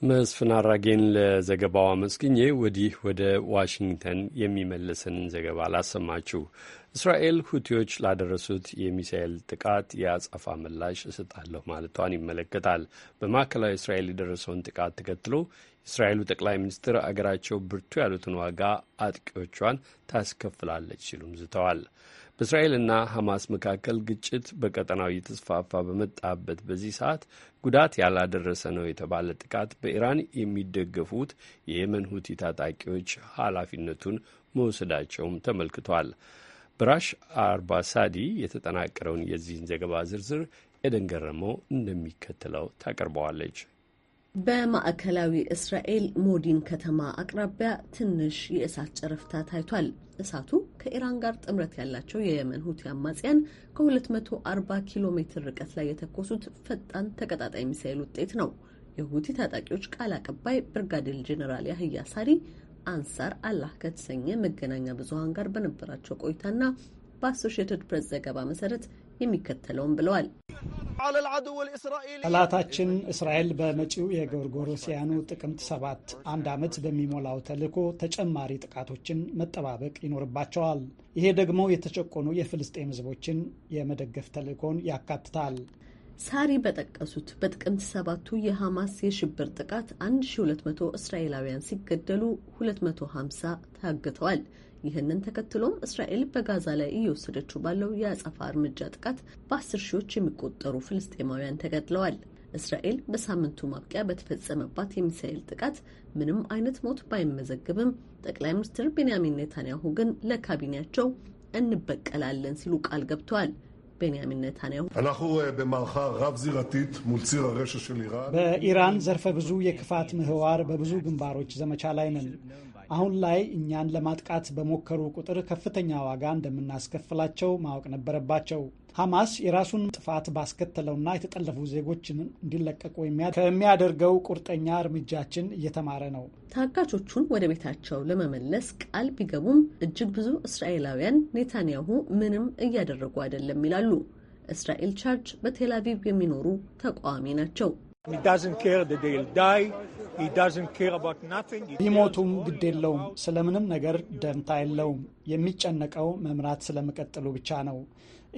መስፍን አራጌን ለዘገባው አመስግኜ ወዲህ ወደ ዋሽንግተን የሚመልሰንን ዘገባ ላሰማችሁ። እስራኤል ሁቲዎች ላደረሱት የሚሳኤል ጥቃት የአጸፋ ምላሽ እሰጣለሁ ማለቷን ይመለከታል። በማዕከላዊ እስራኤል የደረሰውን ጥቃት ተከትሎ የእስራኤሉ ጠቅላይ ሚኒስትር አገራቸው ብርቱ ያሉትን ዋጋ አጥቂዎቿን ታስከፍላለች ሲሉም ዝተዋል። በእስራኤልና ሐማስ መካከል ግጭት በቀጠናው እየተስፋፋ በመጣበት በዚህ ሰዓት ጉዳት ያላደረሰ ነው የተባለ ጥቃት በኢራን የሚደገፉት የየመን ሁቲ ታጣቂዎች ኃላፊነቱን መውሰዳቸውም ተመልክቷል። ብራሽ አርባሳዲ የተጠናቀረውን የዚህን ዘገባ ዝርዝር ኤደን ገረመው እንደሚከተለው ታቀርበዋለች። በማዕከላዊ እስራኤል ሞዲን ከተማ አቅራቢያ ትንሽ የእሳት ጨረፍታ ታይቷል። እሳቱ ከኢራን ጋር ጥምረት ያላቸው የየመን ሁቲ አማጽያን ከ240 ኪሎ ሜትር ርቀት ላይ የተኮሱት ፈጣን ተቀጣጣይ ሚሳኤል ውጤት ነው። የሁቲ ታጣቂዎች ቃል አቀባይ ብርጋዴር ጄኔራል ያህያ ሳሪ አንሳር አላህ ከተሰኘ መገናኛ ብዙሃን ጋር በነበራቸው ቆይታና በአሶሺየትድ ፕሬስ ዘገባ መሰረት የሚከተለውም ብለዋል። ጠላታችን እስራኤል በመጪው የጎርጎሮሲያኑ ጥቅምት ሰባት አንድ ዓመት በሚሞላው ተልዕኮ ተጨማሪ ጥቃቶችን መጠባበቅ ይኖርባቸዋል። ይሄ ደግሞ የተጨቆኑ የፍልስጤም ሕዝቦችን የመደገፍ ተልዕኮን ያካትታል። ሳሪ በጠቀሱት በጥቅምት ሰባቱ የሐማስ የሽብር ጥቃት 1200 እስራኤላውያን ሲገደሉ 250 ታግተዋል። ይህንን ተከትሎም እስራኤል በጋዛ ላይ እየወሰደችው ባለው የአጸፋ እርምጃ ጥቃት በአስር ሺዎች የሚቆጠሩ ፍልስጤማውያን ተገድለዋል። እስራኤል በሳምንቱ ማብቂያ በተፈጸመባት የሚሳኤል ጥቃት ምንም አይነት ሞት ባይመዘግብም ጠቅላይ ሚኒስትር ቤንያሚን ኔታንያሁ ግን ለካቢኔያቸው እንበቀላለን ሲሉ ቃል ገብተዋል። ቤንያሚን ኔታንያሁ በኢራን ዘርፈ ብዙ የክፋት ምህዋር በብዙ ግንባሮች ዘመቻ ላይ ነን። አሁን ላይ እኛን ለማጥቃት በሞከሩ ቁጥር ከፍተኛ ዋጋ እንደምናስከፍላቸው ማወቅ ነበረባቸው። ሐማስ የራሱን ጥፋት ባስከተለውና የተጠለፉ ዜጎችን እንዲለቀቁ ከሚያደርገው ቁርጠኛ እርምጃችን እየተማረ ነው። ታጋቾቹን ወደ ቤታቸው ለመመለስ ቃል ቢገቡም እጅግ ብዙ እስራኤላውያን ኔታንያሁ ምንም እያደረጉ አይደለም ይላሉ። እስራኤል ቻርጅ በቴላቪቭ የሚኖሩ ተቃዋሚ ናቸው። ቢሞቱም ግድ የለውም። ስለምንም ነገር ደንታ የለውም። የሚጨነቀው መምራት ስለመቀጠሉ ብቻ ነው።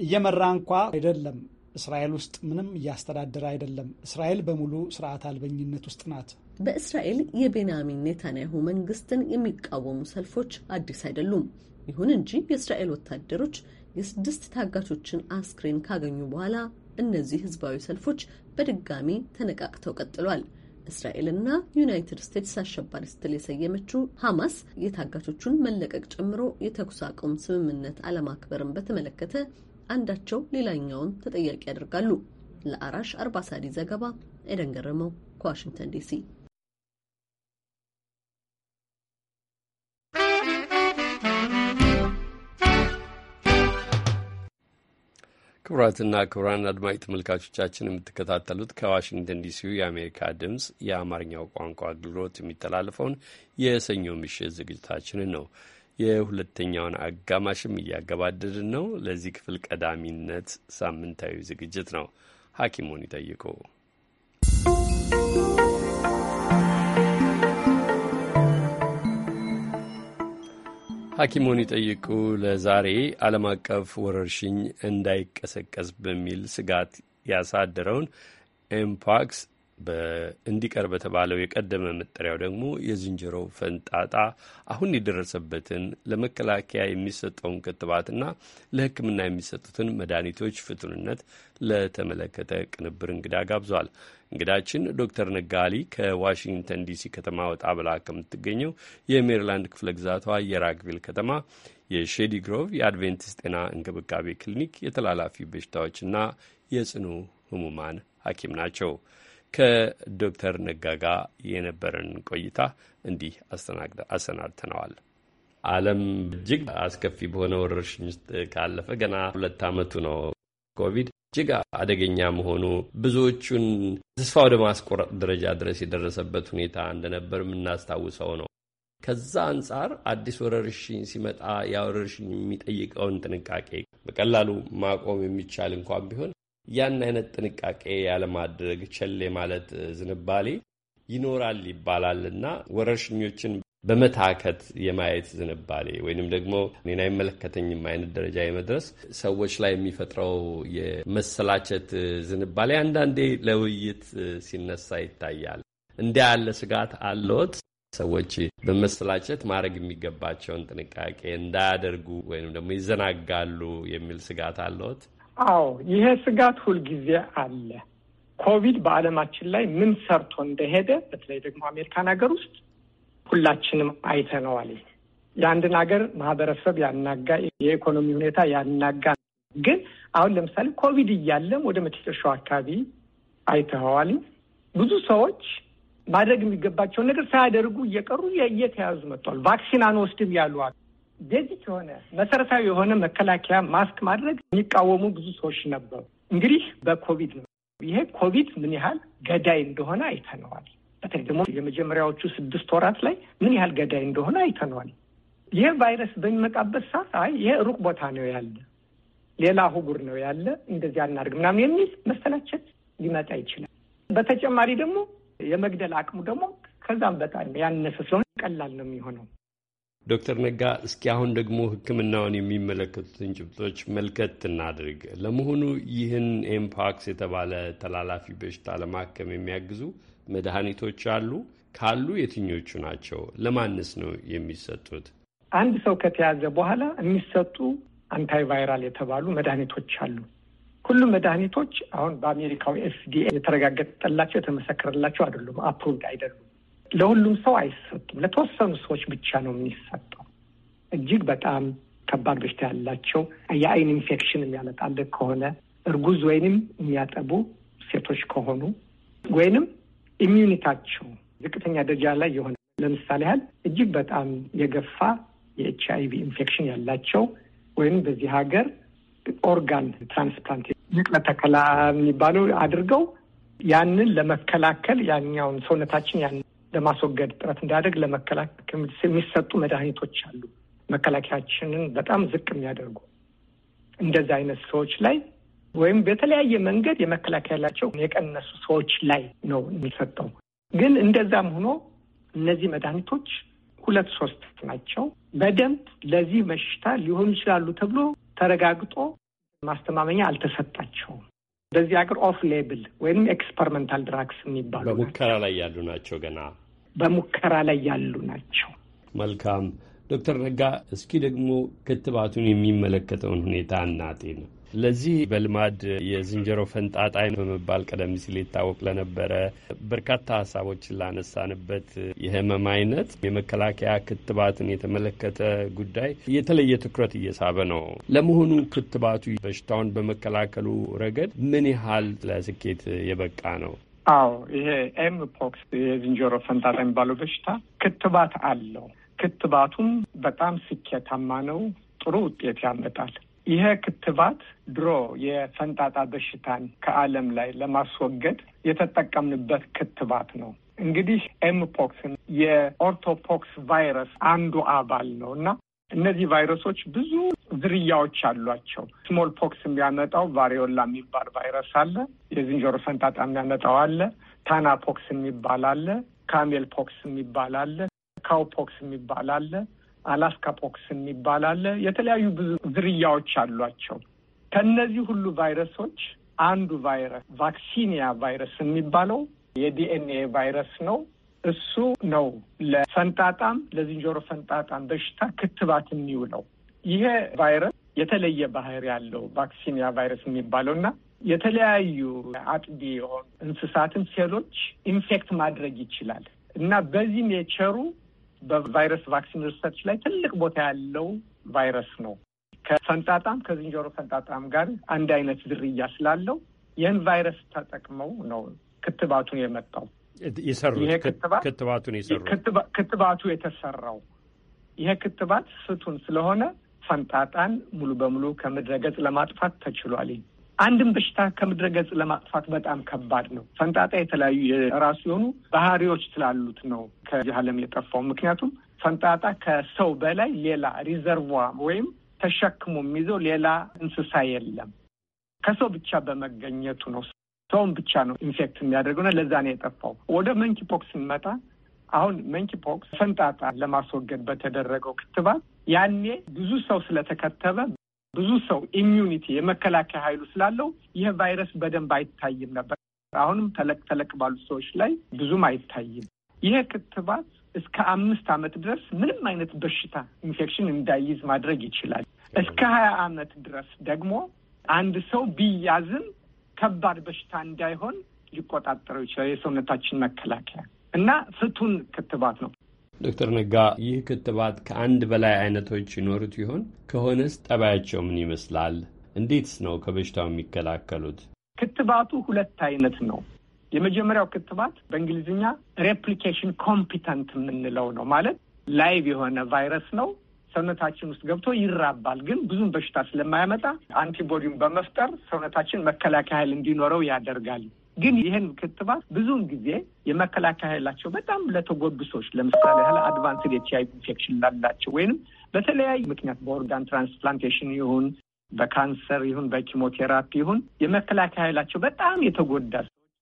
እየመራ እንኳ አይደለም። እስራኤል ውስጥ ምንም እያስተዳደረ አይደለም። እስራኤል በሙሉ ስርዓት አልበኝነት ውስጥ ናት። በእስራኤል የቤንያሚን ኔታንያሁ መንግስትን የሚቃወሙ ሰልፎች አዲስ አይደሉም። ይሁን እንጂ የእስራኤል ወታደሮች የስድስት ታጋቾችን አስክሬን ካገኙ በኋላ እነዚህ ህዝባዊ ሰልፎች በድጋሚ ተነቃቅተው ቀጥሏል። እስራኤልና ዩናይትድ ስቴትስ አሸባሪ ስትል የሰየመችው ሐማስ የታጋቾቹን መለቀቅ ጨምሮ የተኩስ አቁም ስምምነት አለማክበርን በተመለከተ አንዳቸው ሌላኛውን ተጠያቂ ያደርጋሉ። ለአራሽ አርባሳዲ ዘገባ ኤደን ገረመው ከዋሽንግተን ዲሲ ክቡራትና ክቡራን አድማጭ ተመልካቾቻችን የምትከታተሉት ከዋሽንግተን ዲሲው የአሜሪካ ድምፅ የአማርኛው ቋንቋ አገልግሎት የሚተላለፈውን የሰኞ ምሽት ዝግጅታችንን ነው። የሁለተኛውን አጋማሽም እያገባደድን ነው። ለዚህ ክፍል ቀዳሚነት ሳምንታዊ ዝግጅት ነው ሐኪሙን ይጠይቁ። ሐኪሙን ይጠይቁ ለዛሬ ዓለም አቀፍ ወረርሽኝ እንዳይቀሰቀስ በሚል ስጋት ያሳደረውን ኤምፓክስ እንዲቀር በተባለው የቀደመ መጠሪያው ደግሞ የዝንጀሮ ፈንጣጣ አሁን የደረሰበትን ለመከላከያ የሚሰጠውን ክትባትና ለሕክምና የሚሰጡትን መድኃኒቶች ፍቱንነት ለተመለከተ ቅንብር እንግዳ ጋብዟል። እንግዳችን ዶክተር ነጋሊ ከዋሽንግተን ዲሲ ከተማ ወጣ ብላ ከምትገኘው የሜሪላንድ ክፍለ ግዛቷ የራግቪል ከተማ የሼዲ ግሮቭ ጤና እንክብካቤ ክሊኒክ የተላላፊ በሽታዎችና የጽኑ ህሙማን ሐኪም ናቸው። ከዶክተር ነጋ ጋር የነበረን ቆይታ እንዲህ አሰናድተነዋል። ዓለም እጅግ አስከፊ በሆነ ወረርሽኝ ውስጥ ካለፈ ገና ሁለት ዓመቱ ነው። ኮቪድ እጅግ አደገኛ መሆኑ ብዙዎቹን ተስፋ ወደ ማስቆረጥ ደረጃ ድረስ የደረሰበት ሁኔታ እንደነበር የምናስታውሰው ነው። ከዛ አንጻር አዲስ ወረርሽኝ ሲመጣ ያ ወረርሽኝ የሚጠይቀውን ጥንቃቄ በቀላሉ ማቆም የሚቻል እንኳን ቢሆን ያን አይነት ጥንቃቄ ያለማድረግ ቸሌ ማለት ዝንባሌ ይኖራል ይባላልና ወረርሽኞችን በመታከት የማየት ዝንባሌ ወይንም ደግሞ እኔን አይመለከተኝም አይነት ደረጃ የመድረስ ሰዎች ላይ የሚፈጥረው የመሰላቸት ዝንባሌ አንዳንዴ ለውይይት ሲነሳ ይታያል። እንዲያ ያለ ስጋት አለዎት? ሰዎች በመሰላቸት ማድረግ የሚገባቸውን ጥንቃቄ እንዳያደርጉ ወይም ደግሞ ይዘናጋሉ የሚል ስጋት አለዎት? አዎ ይሄ ስጋት ሁልጊዜ አለ። ኮቪድ በዓለማችን ላይ ምን ሰርቶ እንደሄደ በተለይ ደግሞ አሜሪካን ሀገር ውስጥ ሁላችንም አይተነዋል። የአንድን ሀገር ማህበረሰብ ያናጋ፣ የኢኮኖሚ ሁኔታ ያናጋ። ግን አሁን ለምሳሌ ኮቪድ እያለም ወደ መጨረሻው አካባቢ አይተኸዋል። ብዙ ሰዎች ማድረግ የሚገባቸውን ነገር ሳያደርጉ እየቀሩ እየተያዙ መጥተዋል። ቫክሲን አንወስድም ያሉ አሉ። ቤዚክ የሆነ መሰረታዊ የሆነ መከላከያ ማስክ ማድረግ የሚቃወሙ ብዙ ሰዎች ነበሩ። እንግዲህ በኮቪድ ነው። ይሄ ኮቪድ ምን ያህል ገዳይ እንደሆነ አይተነዋል። በተለይ ደግሞ የመጀመሪያዎቹ ስድስት ወራት ላይ ምን ያህል ገዳይ እንደሆነ አይተነዋል። ይህ ቫይረስ በሚመጣበት ሰዓት አይ ይሄ ሩቅ ቦታ ነው ያለ፣ ሌላ አህጉር ነው ያለ፣ እንደዚህ አናድርግ ምናምን የሚል መሰላቸት ሊመጣ ይችላል። በተጨማሪ ደግሞ የመግደል አቅሙ ደግሞ ከዛም በጣም ያነሰ ስለሆነ ቀላል ነው የሚሆነው። ዶክተር ነጋ እስኪ አሁን ደግሞ ሕክምናውን የሚመለከቱትን ጭብጦች መልከት እናድርግ። ለመሆኑ ይህን ኤምፓክስ የተባለ ተላላፊ በሽታ ለማከም የሚያግዙ መድኃኒቶች አሉ? ካሉ የትኞቹ ናቸው? ለማንስ ነው የሚሰጡት? አንድ ሰው ከተያዘ በኋላ የሚሰጡ አንታይቫይራል የተባሉ መድኃኒቶች አሉ። ሁሉም መድኃኒቶች አሁን በአሜሪካዊ ኤፍዲኤ የተረጋገጠላቸው የተመሰከረላቸው አይደሉም፣ አፕሩቭድ አይደሉም። ለሁሉም ሰው አይሰጡም። ለተወሰኑ ሰዎች ብቻ ነው የሚሰጠው። እጅግ በጣም ከባድ በሽታ ያላቸው የአይን ኢንፌክሽን የሚያመጣልህ ከሆነ እርጉዝ ወይንም የሚያጠቡ ሴቶች ከሆኑ ወይንም ኢሚዩኒታቸው ዝቅተኛ ደረጃ ላይ የሆነ ለምሳሌ ያህል እጅግ በጣም የገፋ የኤች አይቪ ኢንፌክሽን ያላቸው ወይም በዚህ ሀገር ኦርጋን ትራንስፕላንት ንቅለ ተከላ የሚባለው አድርገው ያንን ለመከላከል ያኛውን ሰውነታችን ያን ለማስወገድ ጥረት እንዳያደርግ ለመከላከ የሚሰጡ መድኃኒቶች አሉ። መከላከያችንን በጣም ዝቅ የሚያደርጉ እንደዚህ አይነት ሰዎች ላይ ወይም በተለያየ መንገድ የመከላከያ ያላቸው የቀነሱ ሰዎች ላይ ነው የሚሰጠው። ግን እንደዛም ሆኖ እነዚህ መድኃኒቶች ሁለት ሶስት ናቸው። በደንብ ለዚህ በሽታ ሊሆኑ ይችላሉ ተብሎ ተረጋግጦ ማስተማመኛ አልተሰጣቸውም። በዚህ ሀገር ኦፍ ሌብል ወይም ኤክስፐሪመንታል ድራግስ የሚባሉ በሙከራ ላይ ያሉ ናቸው። ገና በሙከራ ላይ ያሉ ናቸው። መልካም ዶክተር ነጋ፣ እስኪ ደግሞ ክትባቱን የሚመለከተውን ሁኔታ እናጤ ነው ለዚህ በልማድ የዝንጀሮ ፈንጣጣ በመባል ቀደም ሲል ይታወቅ ለነበረ በርካታ ሀሳቦችን ላነሳንበት የህመም አይነት የመከላከያ ክትባትን የተመለከተ ጉዳይ የተለየ ትኩረት እየሳበ ነው። ለመሆኑ ክትባቱ በሽታውን በመከላከሉ ረገድ ምን ያህል ለስኬት የበቃ ነው? አዎ ይሄ ኤም ፖክስ የዝንጀሮ ፈንጣጣ የሚባለው በሽታ ክትባት አለው። ክትባቱም በጣም ስኬታማ ነው። ጥሩ ውጤት ያመጣል። ይሄ ክትባት ድሮ የፈንጣጣ በሽታን ከዓለም ላይ ለማስወገድ የተጠቀምንበት ክትባት ነው። እንግዲህ ኤምፖክስን የኦርቶፖክስ ቫይረስ አንዱ አባል ነው እና እነዚህ ቫይረሶች ብዙ ዝርያዎች አሏቸው። ስሞል ፖክስ የሚያመጣው ቫሪዮላ የሚባል ቫይረስ አለ። የዝንጀሮ ፈንጣጣ የሚያመጣው አለ። ታና ፖክስ የሚባል አለ። ካሜል ፖክስ የሚባል አለ። ካው ፖክስ የሚባል አለ። አላስካ ፖክስ የሚባል አለ። የተለያዩ ብዙ ዝርያዎች አሏቸው። ከእነዚህ ሁሉ ቫይረሶች አንዱ ቫይረስ ቫክሲኒያ ቫይረስ የሚባለው የዲኤንኤ ቫይረስ ነው። እሱ ነው ለፈንጣጣም ለዝንጀሮ ፈንጣጣም በሽታ ክትባት የሚውለው። ይሄ ቫይረስ የተለየ ባህሪ ያለው ቫክሲኒያ ቫይረስ የሚባለው እና የተለያዩ አጥቢ የሆኑ እንስሳትን ሴሎች ኢንፌክት ማድረግ ይችላል እና በዚህ ኔቸሩ በቫይረስ ቫክሲን ሪሰርች ላይ ትልቅ ቦታ ያለው ቫይረስ ነው። ከፈንጣጣም ከዝንጀሮ ፈንጣጣም ጋር አንድ አይነት ዝርያ ስላለው ይህን ቫይረስ ተጠቅመው ነው ክትባቱን የመጣው የሰሩት ክትባቱን የሰሩት ክትባቱ የተሰራው ይሄ ክትባት ፍቱን ስለሆነ ፈንጣጣን ሙሉ በሙሉ ከምድረገጽ ለማጥፋት ተችሏል። አንድም በሽታ ከምድረ ገጽ ለማጥፋት በጣም ከባድ ነው። ፈንጣጣ የተለያዩ የራሱ የሆኑ ባህሪዎች ስላሉት ነው ከዚህ ዓለም የጠፋው። ምክንያቱም ፈንጣጣ ከሰው በላይ ሌላ ሪዘርቫ ወይም ተሸክሞ የሚይዘው ሌላ እንስሳ የለም። ከሰው ብቻ በመገኘቱ ነው። ሰውን ብቻ ነው ኢንፌክት የሚያደርገውና ለዛ ነው የጠፋው። ወደ መንኪ ፖክስ ስንመጣ አሁን መንኪ ፖክስ ፈንጣጣ ለማስወገድ በተደረገው ክትባት ያኔ ብዙ ሰው ስለተከተበ ብዙ ሰው ኢሚዩኒቲ የመከላከያ ኃይሉ ስላለው ይህ ቫይረስ በደንብ አይታይም ነበር። አሁንም ተለቅ ተለቅ ባሉት ሰዎች ላይ ብዙም አይታይም። ይህ ክትባት እስከ አምስት ዓመት ድረስ ምንም አይነት በሽታ ኢንፌክሽን እንዳይይዝ ማድረግ ይችላል። እስከ ሀያ ዓመት ድረስ ደግሞ አንድ ሰው ቢያዝም ከባድ በሽታ እንዳይሆን ሊቆጣጠረው ይችላል። የሰውነታችን መከላከያ እና ፍቱን ክትባት ነው። ዶክተር ነጋ ይህ ክትባት ከአንድ በላይ አይነቶች ይኖሩት ይሆን? ከሆነስ ጠባያቸው ምን ይመስላል? እንዴትስ ነው ከበሽታው የሚከላከሉት? ክትባቱ ሁለት አይነት ነው። የመጀመሪያው ክትባት በእንግሊዝኛ ሬፕሊኬሽን ኮምፒተንት የምንለው ነው። ማለት ላይቭ የሆነ ቫይረስ ነው ሰውነታችን ውስጥ ገብቶ ይራባል፣ ግን ብዙም በሽታ ስለማያመጣ አንቲቦዲውን በመፍጠር ሰውነታችን መከላከያ ኃይል እንዲኖረው ያደርጋል። ግን ይህን ክትባት ብዙውን ጊዜ የመከላከያ ኃይላቸው በጣም ለተጎዱ ሰዎች ለምሳሌ ያህል አድቫንስድ ኤች አይቪ ኢንፌክሽን ላላቸው ወይንም በተለያዩ ምክንያት በኦርጋን ትራንስፕላንቴሽን ይሁን በካንሰር ይሁን በኪሞቴራፒ ይሁን የመከላከያ ኃይላቸው በጣም የተጎዳ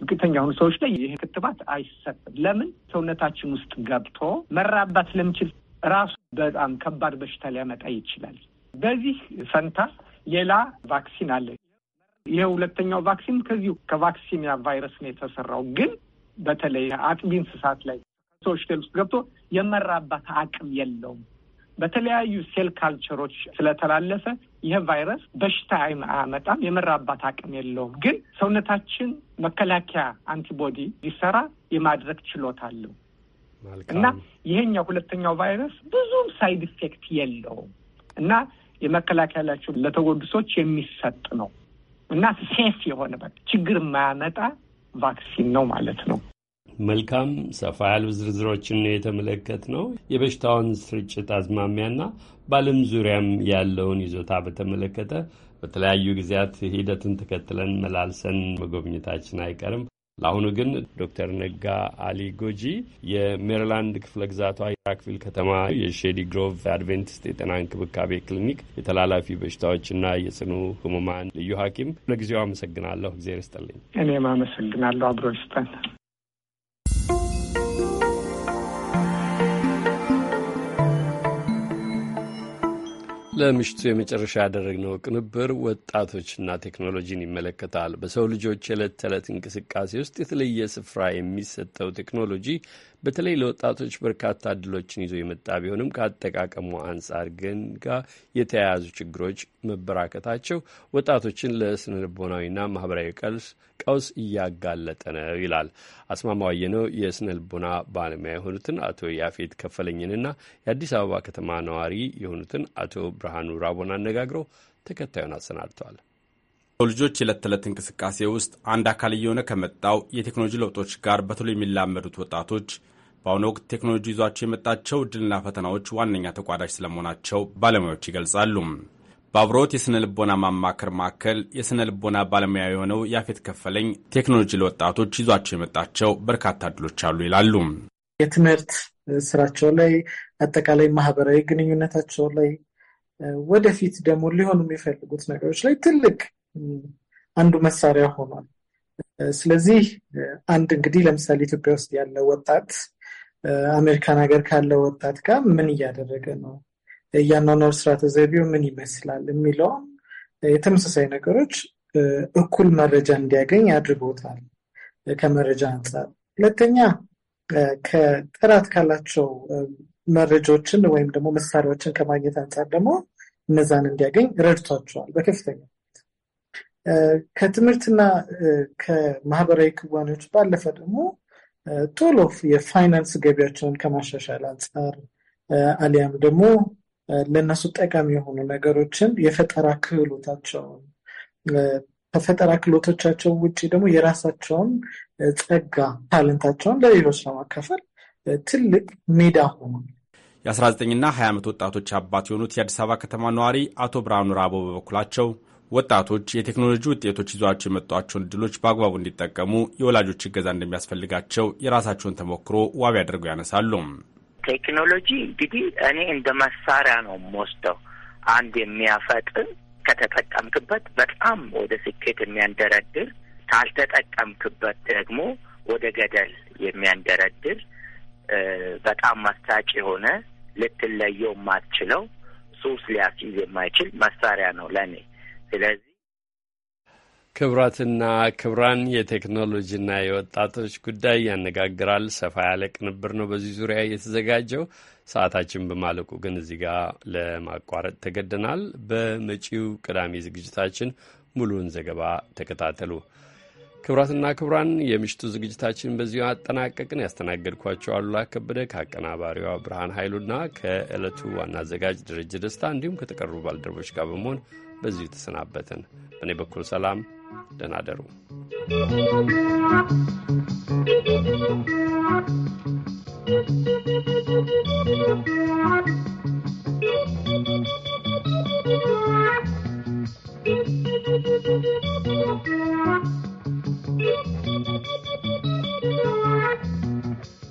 እርግጠኛ ሁኑ ሰዎች ላይ ይህ ክትባት አይሰጥም። ለምን? ሰውነታችን ውስጥ ገብቶ መራባት ስለምችል ራሱ በጣም ከባድ በሽታ ሊያመጣ ይችላል። በዚህ ፈንታ ሌላ ቫክሲን አለ። ይሄ ሁለተኛው ቫክሲን ከዚሁ ከቫክሲኒያ ቫይረስ ነው የተሰራው። ግን በተለይ አጥቢ እንስሳት ላይ ሰዎች ቴል ውስጥ ገብቶ የመራባት አቅም የለውም። በተለያዩ ሴል ካልቸሮች ስለተላለፈ ይህ ቫይረስ በሽታ አያመጣም፣ የመራባት አቅም የለውም። ግን ሰውነታችን መከላከያ አንቲቦዲ ሊሰራ የማድረግ ችሎታ አለው እና ይሄኛው ሁለተኛው ቫይረስ ብዙም ሳይድ ኢፌክት የለውም እና የመከላከያ ላቸው ለተጎዱ ሰዎች የሚሰጥ ነው። እና ሴፍ የሆነ ችግር የማያመጣ ቫክሲን ነው ማለት ነው። መልካም ሰፋ ያሉ ዝርዝሮችን የተመለከት ነው። የበሽታውን ስርጭት አዝማሚያና በዓለም ዙሪያም ያለውን ይዞታ በተመለከተ በተለያዩ ጊዜያት ሂደትን ተከትለን መላልሰን መጎብኘታችን አይቀርም። ለአሁኑ ግን ዶክተር ነጋ አሊ ጎጂ የሜሪላንድ ክፍለ ግዛቷ የራክቪል ከተማ የሼዲ ግሮቭ አድቬንቲስት የጤና እንክብካቤ ክሊኒክ የተላላፊ በሽታዎችና የጽኑ ህሙማን ልዩ ሐኪም ለጊዜው አመሰግናለሁ። እግዜር ይስጥልኝ። እኔም አመሰግናለሁ። አብሮ ይስጠን። ለምሽቱ የመጨረሻ ያደረግነው ቅንብር ወጣቶችና ቴክኖሎጂን ይመለከታል። በሰው ልጆች የዕለት ተዕለት እንቅስቃሴ ውስጥ የተለየ ስፍራ የሚሰጠው ቴክኖሎጂ በተለይ ለወጣቶች በርካታ እድሎችን ይዞ የመጣ ቢሆንም ከአጠቃቀሙ አንጻር ግን ጋር የተያያዙ ችግሮች መበራከታቸው ወጣቶችን ለስነ ልቦናዊና ማህበራዊ ቀልስ ቀውስ እያጋለጠ ነው ይላል። አስማማዋየ ነው የስነ ልቦና ባለሙያ የሆኑትን አቶ ያፌት ከፈለኝንና የአዲስ አበባ ከተማ ነዋሪ የሆኑትን አቶ ብርሃኑ ራቦን አነጋግረው ተከታዩን አሰናድተዋል። በልጆች የዕለት ተዕለት እንቅስቃሴ ውስጥ አንድ አካል እየሆነ ከመጣው የቴክኖሎጂ ለውጦች ጋር በቶሎ የሚላመዱት ወጣቶች በአሁኑ ወቅት ቴክኖሎጂ ይዟቸው የመጣቸው እድልና ፈተናዎች ዋነኛ ተቋዳጅ ስለመሆናቸው ባለሙያዎች ይገልጻሉ። በአብሮት የሥነ ልቦና ማማከር ማዕከል የሥነ ልቦና ባለሙያ የሆነው ያፌት ከፈለኝ ቴክኖሎጂ ለወጣቶች ይዟቸው የመጣቸው በርካታ እድሎች አሉ ይላሉ። የትምህርት ስራቸው ላይ፣ አጠቃላይ ማህበራዊ ግንኙነታቸው ላይ፣ ወደፊት ደግሞ ሊሆኑ የሚፈልጉት ነገሮች ላይ ትልቅ አንዱ መሳሪያ ሆኗል። ስለዚህ አንድ እንግዲህ ለምሳሌ ኢትዮጵያ ውስጥ ያለ ወጣት አሜሪካን ሀገር ካለው ወጣት ጋር ምን እያደረገ ነው፣ የአኗኗር ስርዓተ ዘይቤው ምን ይመስላል የሚለውም የተመሳሳይ ነገሮች እኩል መረጃ እንዲያገኝ አድርጎታል ከመረጃ አንጻር። ሁለተኛ ከጥራት ካላቸው መረጃዎችን ወይም ደግሞ መሳሪያዎችን ከማግኘት አንጻር ደግሞ እነዛን እንዲያገኝ ረድቷቸዋል በከፍተኛ ከትምህርትና ከማህበራዊ ክዋኔዎች ባለፈ ደግሞ ቶሎ የፋይናንስ ገቢያቸውን ከማሻሻል አንጻር አሊያም ደግሞ ለእነሱ ጠቃሚ የሆኑ ነገሮችን የፈጠራ ክህሎታቸውን ከፈጠራ ክህሎቶቻቸው ውጭ ደግሞ የራሳቸውን ጸጋ ታለንታቸውን ለሌሎች ለማካፈል ትልቅ ሜዳ ሆኗል። የ19ና 20 ዓመት ወጣቶች አባት የሆኑት የአዲስ አበባ ከተማ ነዋሪ አቶ ብርሃኑ ራቦ በበኩላቸው ወጣቶች የቴክኖሎጂ ውጤቶች ይዟቸው የመጧቸውን እድሎች በአግባቡ እንዲጠቀሙ የወላጆች እገዛ እንደሚያስፈልጋቸው የራሳቸውን ተሞክሮ ዋቢ አድርገው ያነሳሉ። ቴክኖሎጂ እንግዲህ እኔ እንደ መሳሪያ ነው የምወስደው። አንድ የሚያፈጥን ከተጠቀምክበት በጣም ወደ ስኬት የሚያንደረድር፣ ካልተጠቀምክበት ደግሞ ወደ ገደል የሚያንደረድር በጣም ማስታጭ የሆነ ልትለየው የማትችለው ሱስ ሊያስይዝ የማይችል መሳሪያ ነው ለእኔ። ስለዚህ ክብራትና ክብራን የቴክኖሎጂና የወጣቶች ጉዳይ ያነጋግራል። ሰፋ ያለ ቅንብር ነው በዚህ ዙሪያ የተዘጋጀው። ሰዓታችን በማለቁ ግን እዚህ ጋር ለማቋረጥ ተገደናል። በመጪው ቅዳሜ ዝግጅታችን ሙሉውን ዘገባ ተከታተሉ። ክብራትና ክብራን የምሽቱ ዝግጅታችን በዚሁ አጠናቀቅን። ያስተናገድኳቸው አሉላ ከበደ ከአቀናባሪዋ ብርሃን ኃይሉና ከዕለቱ ዋና አዘጋጅ ድርጅት ደስታ እንዲሁም ከተቀሩ ባልደረቦች ጋር በመሆን በዚሁ ተሰናበትን። በእኔ በኩል ሰላም፣ ደህና you.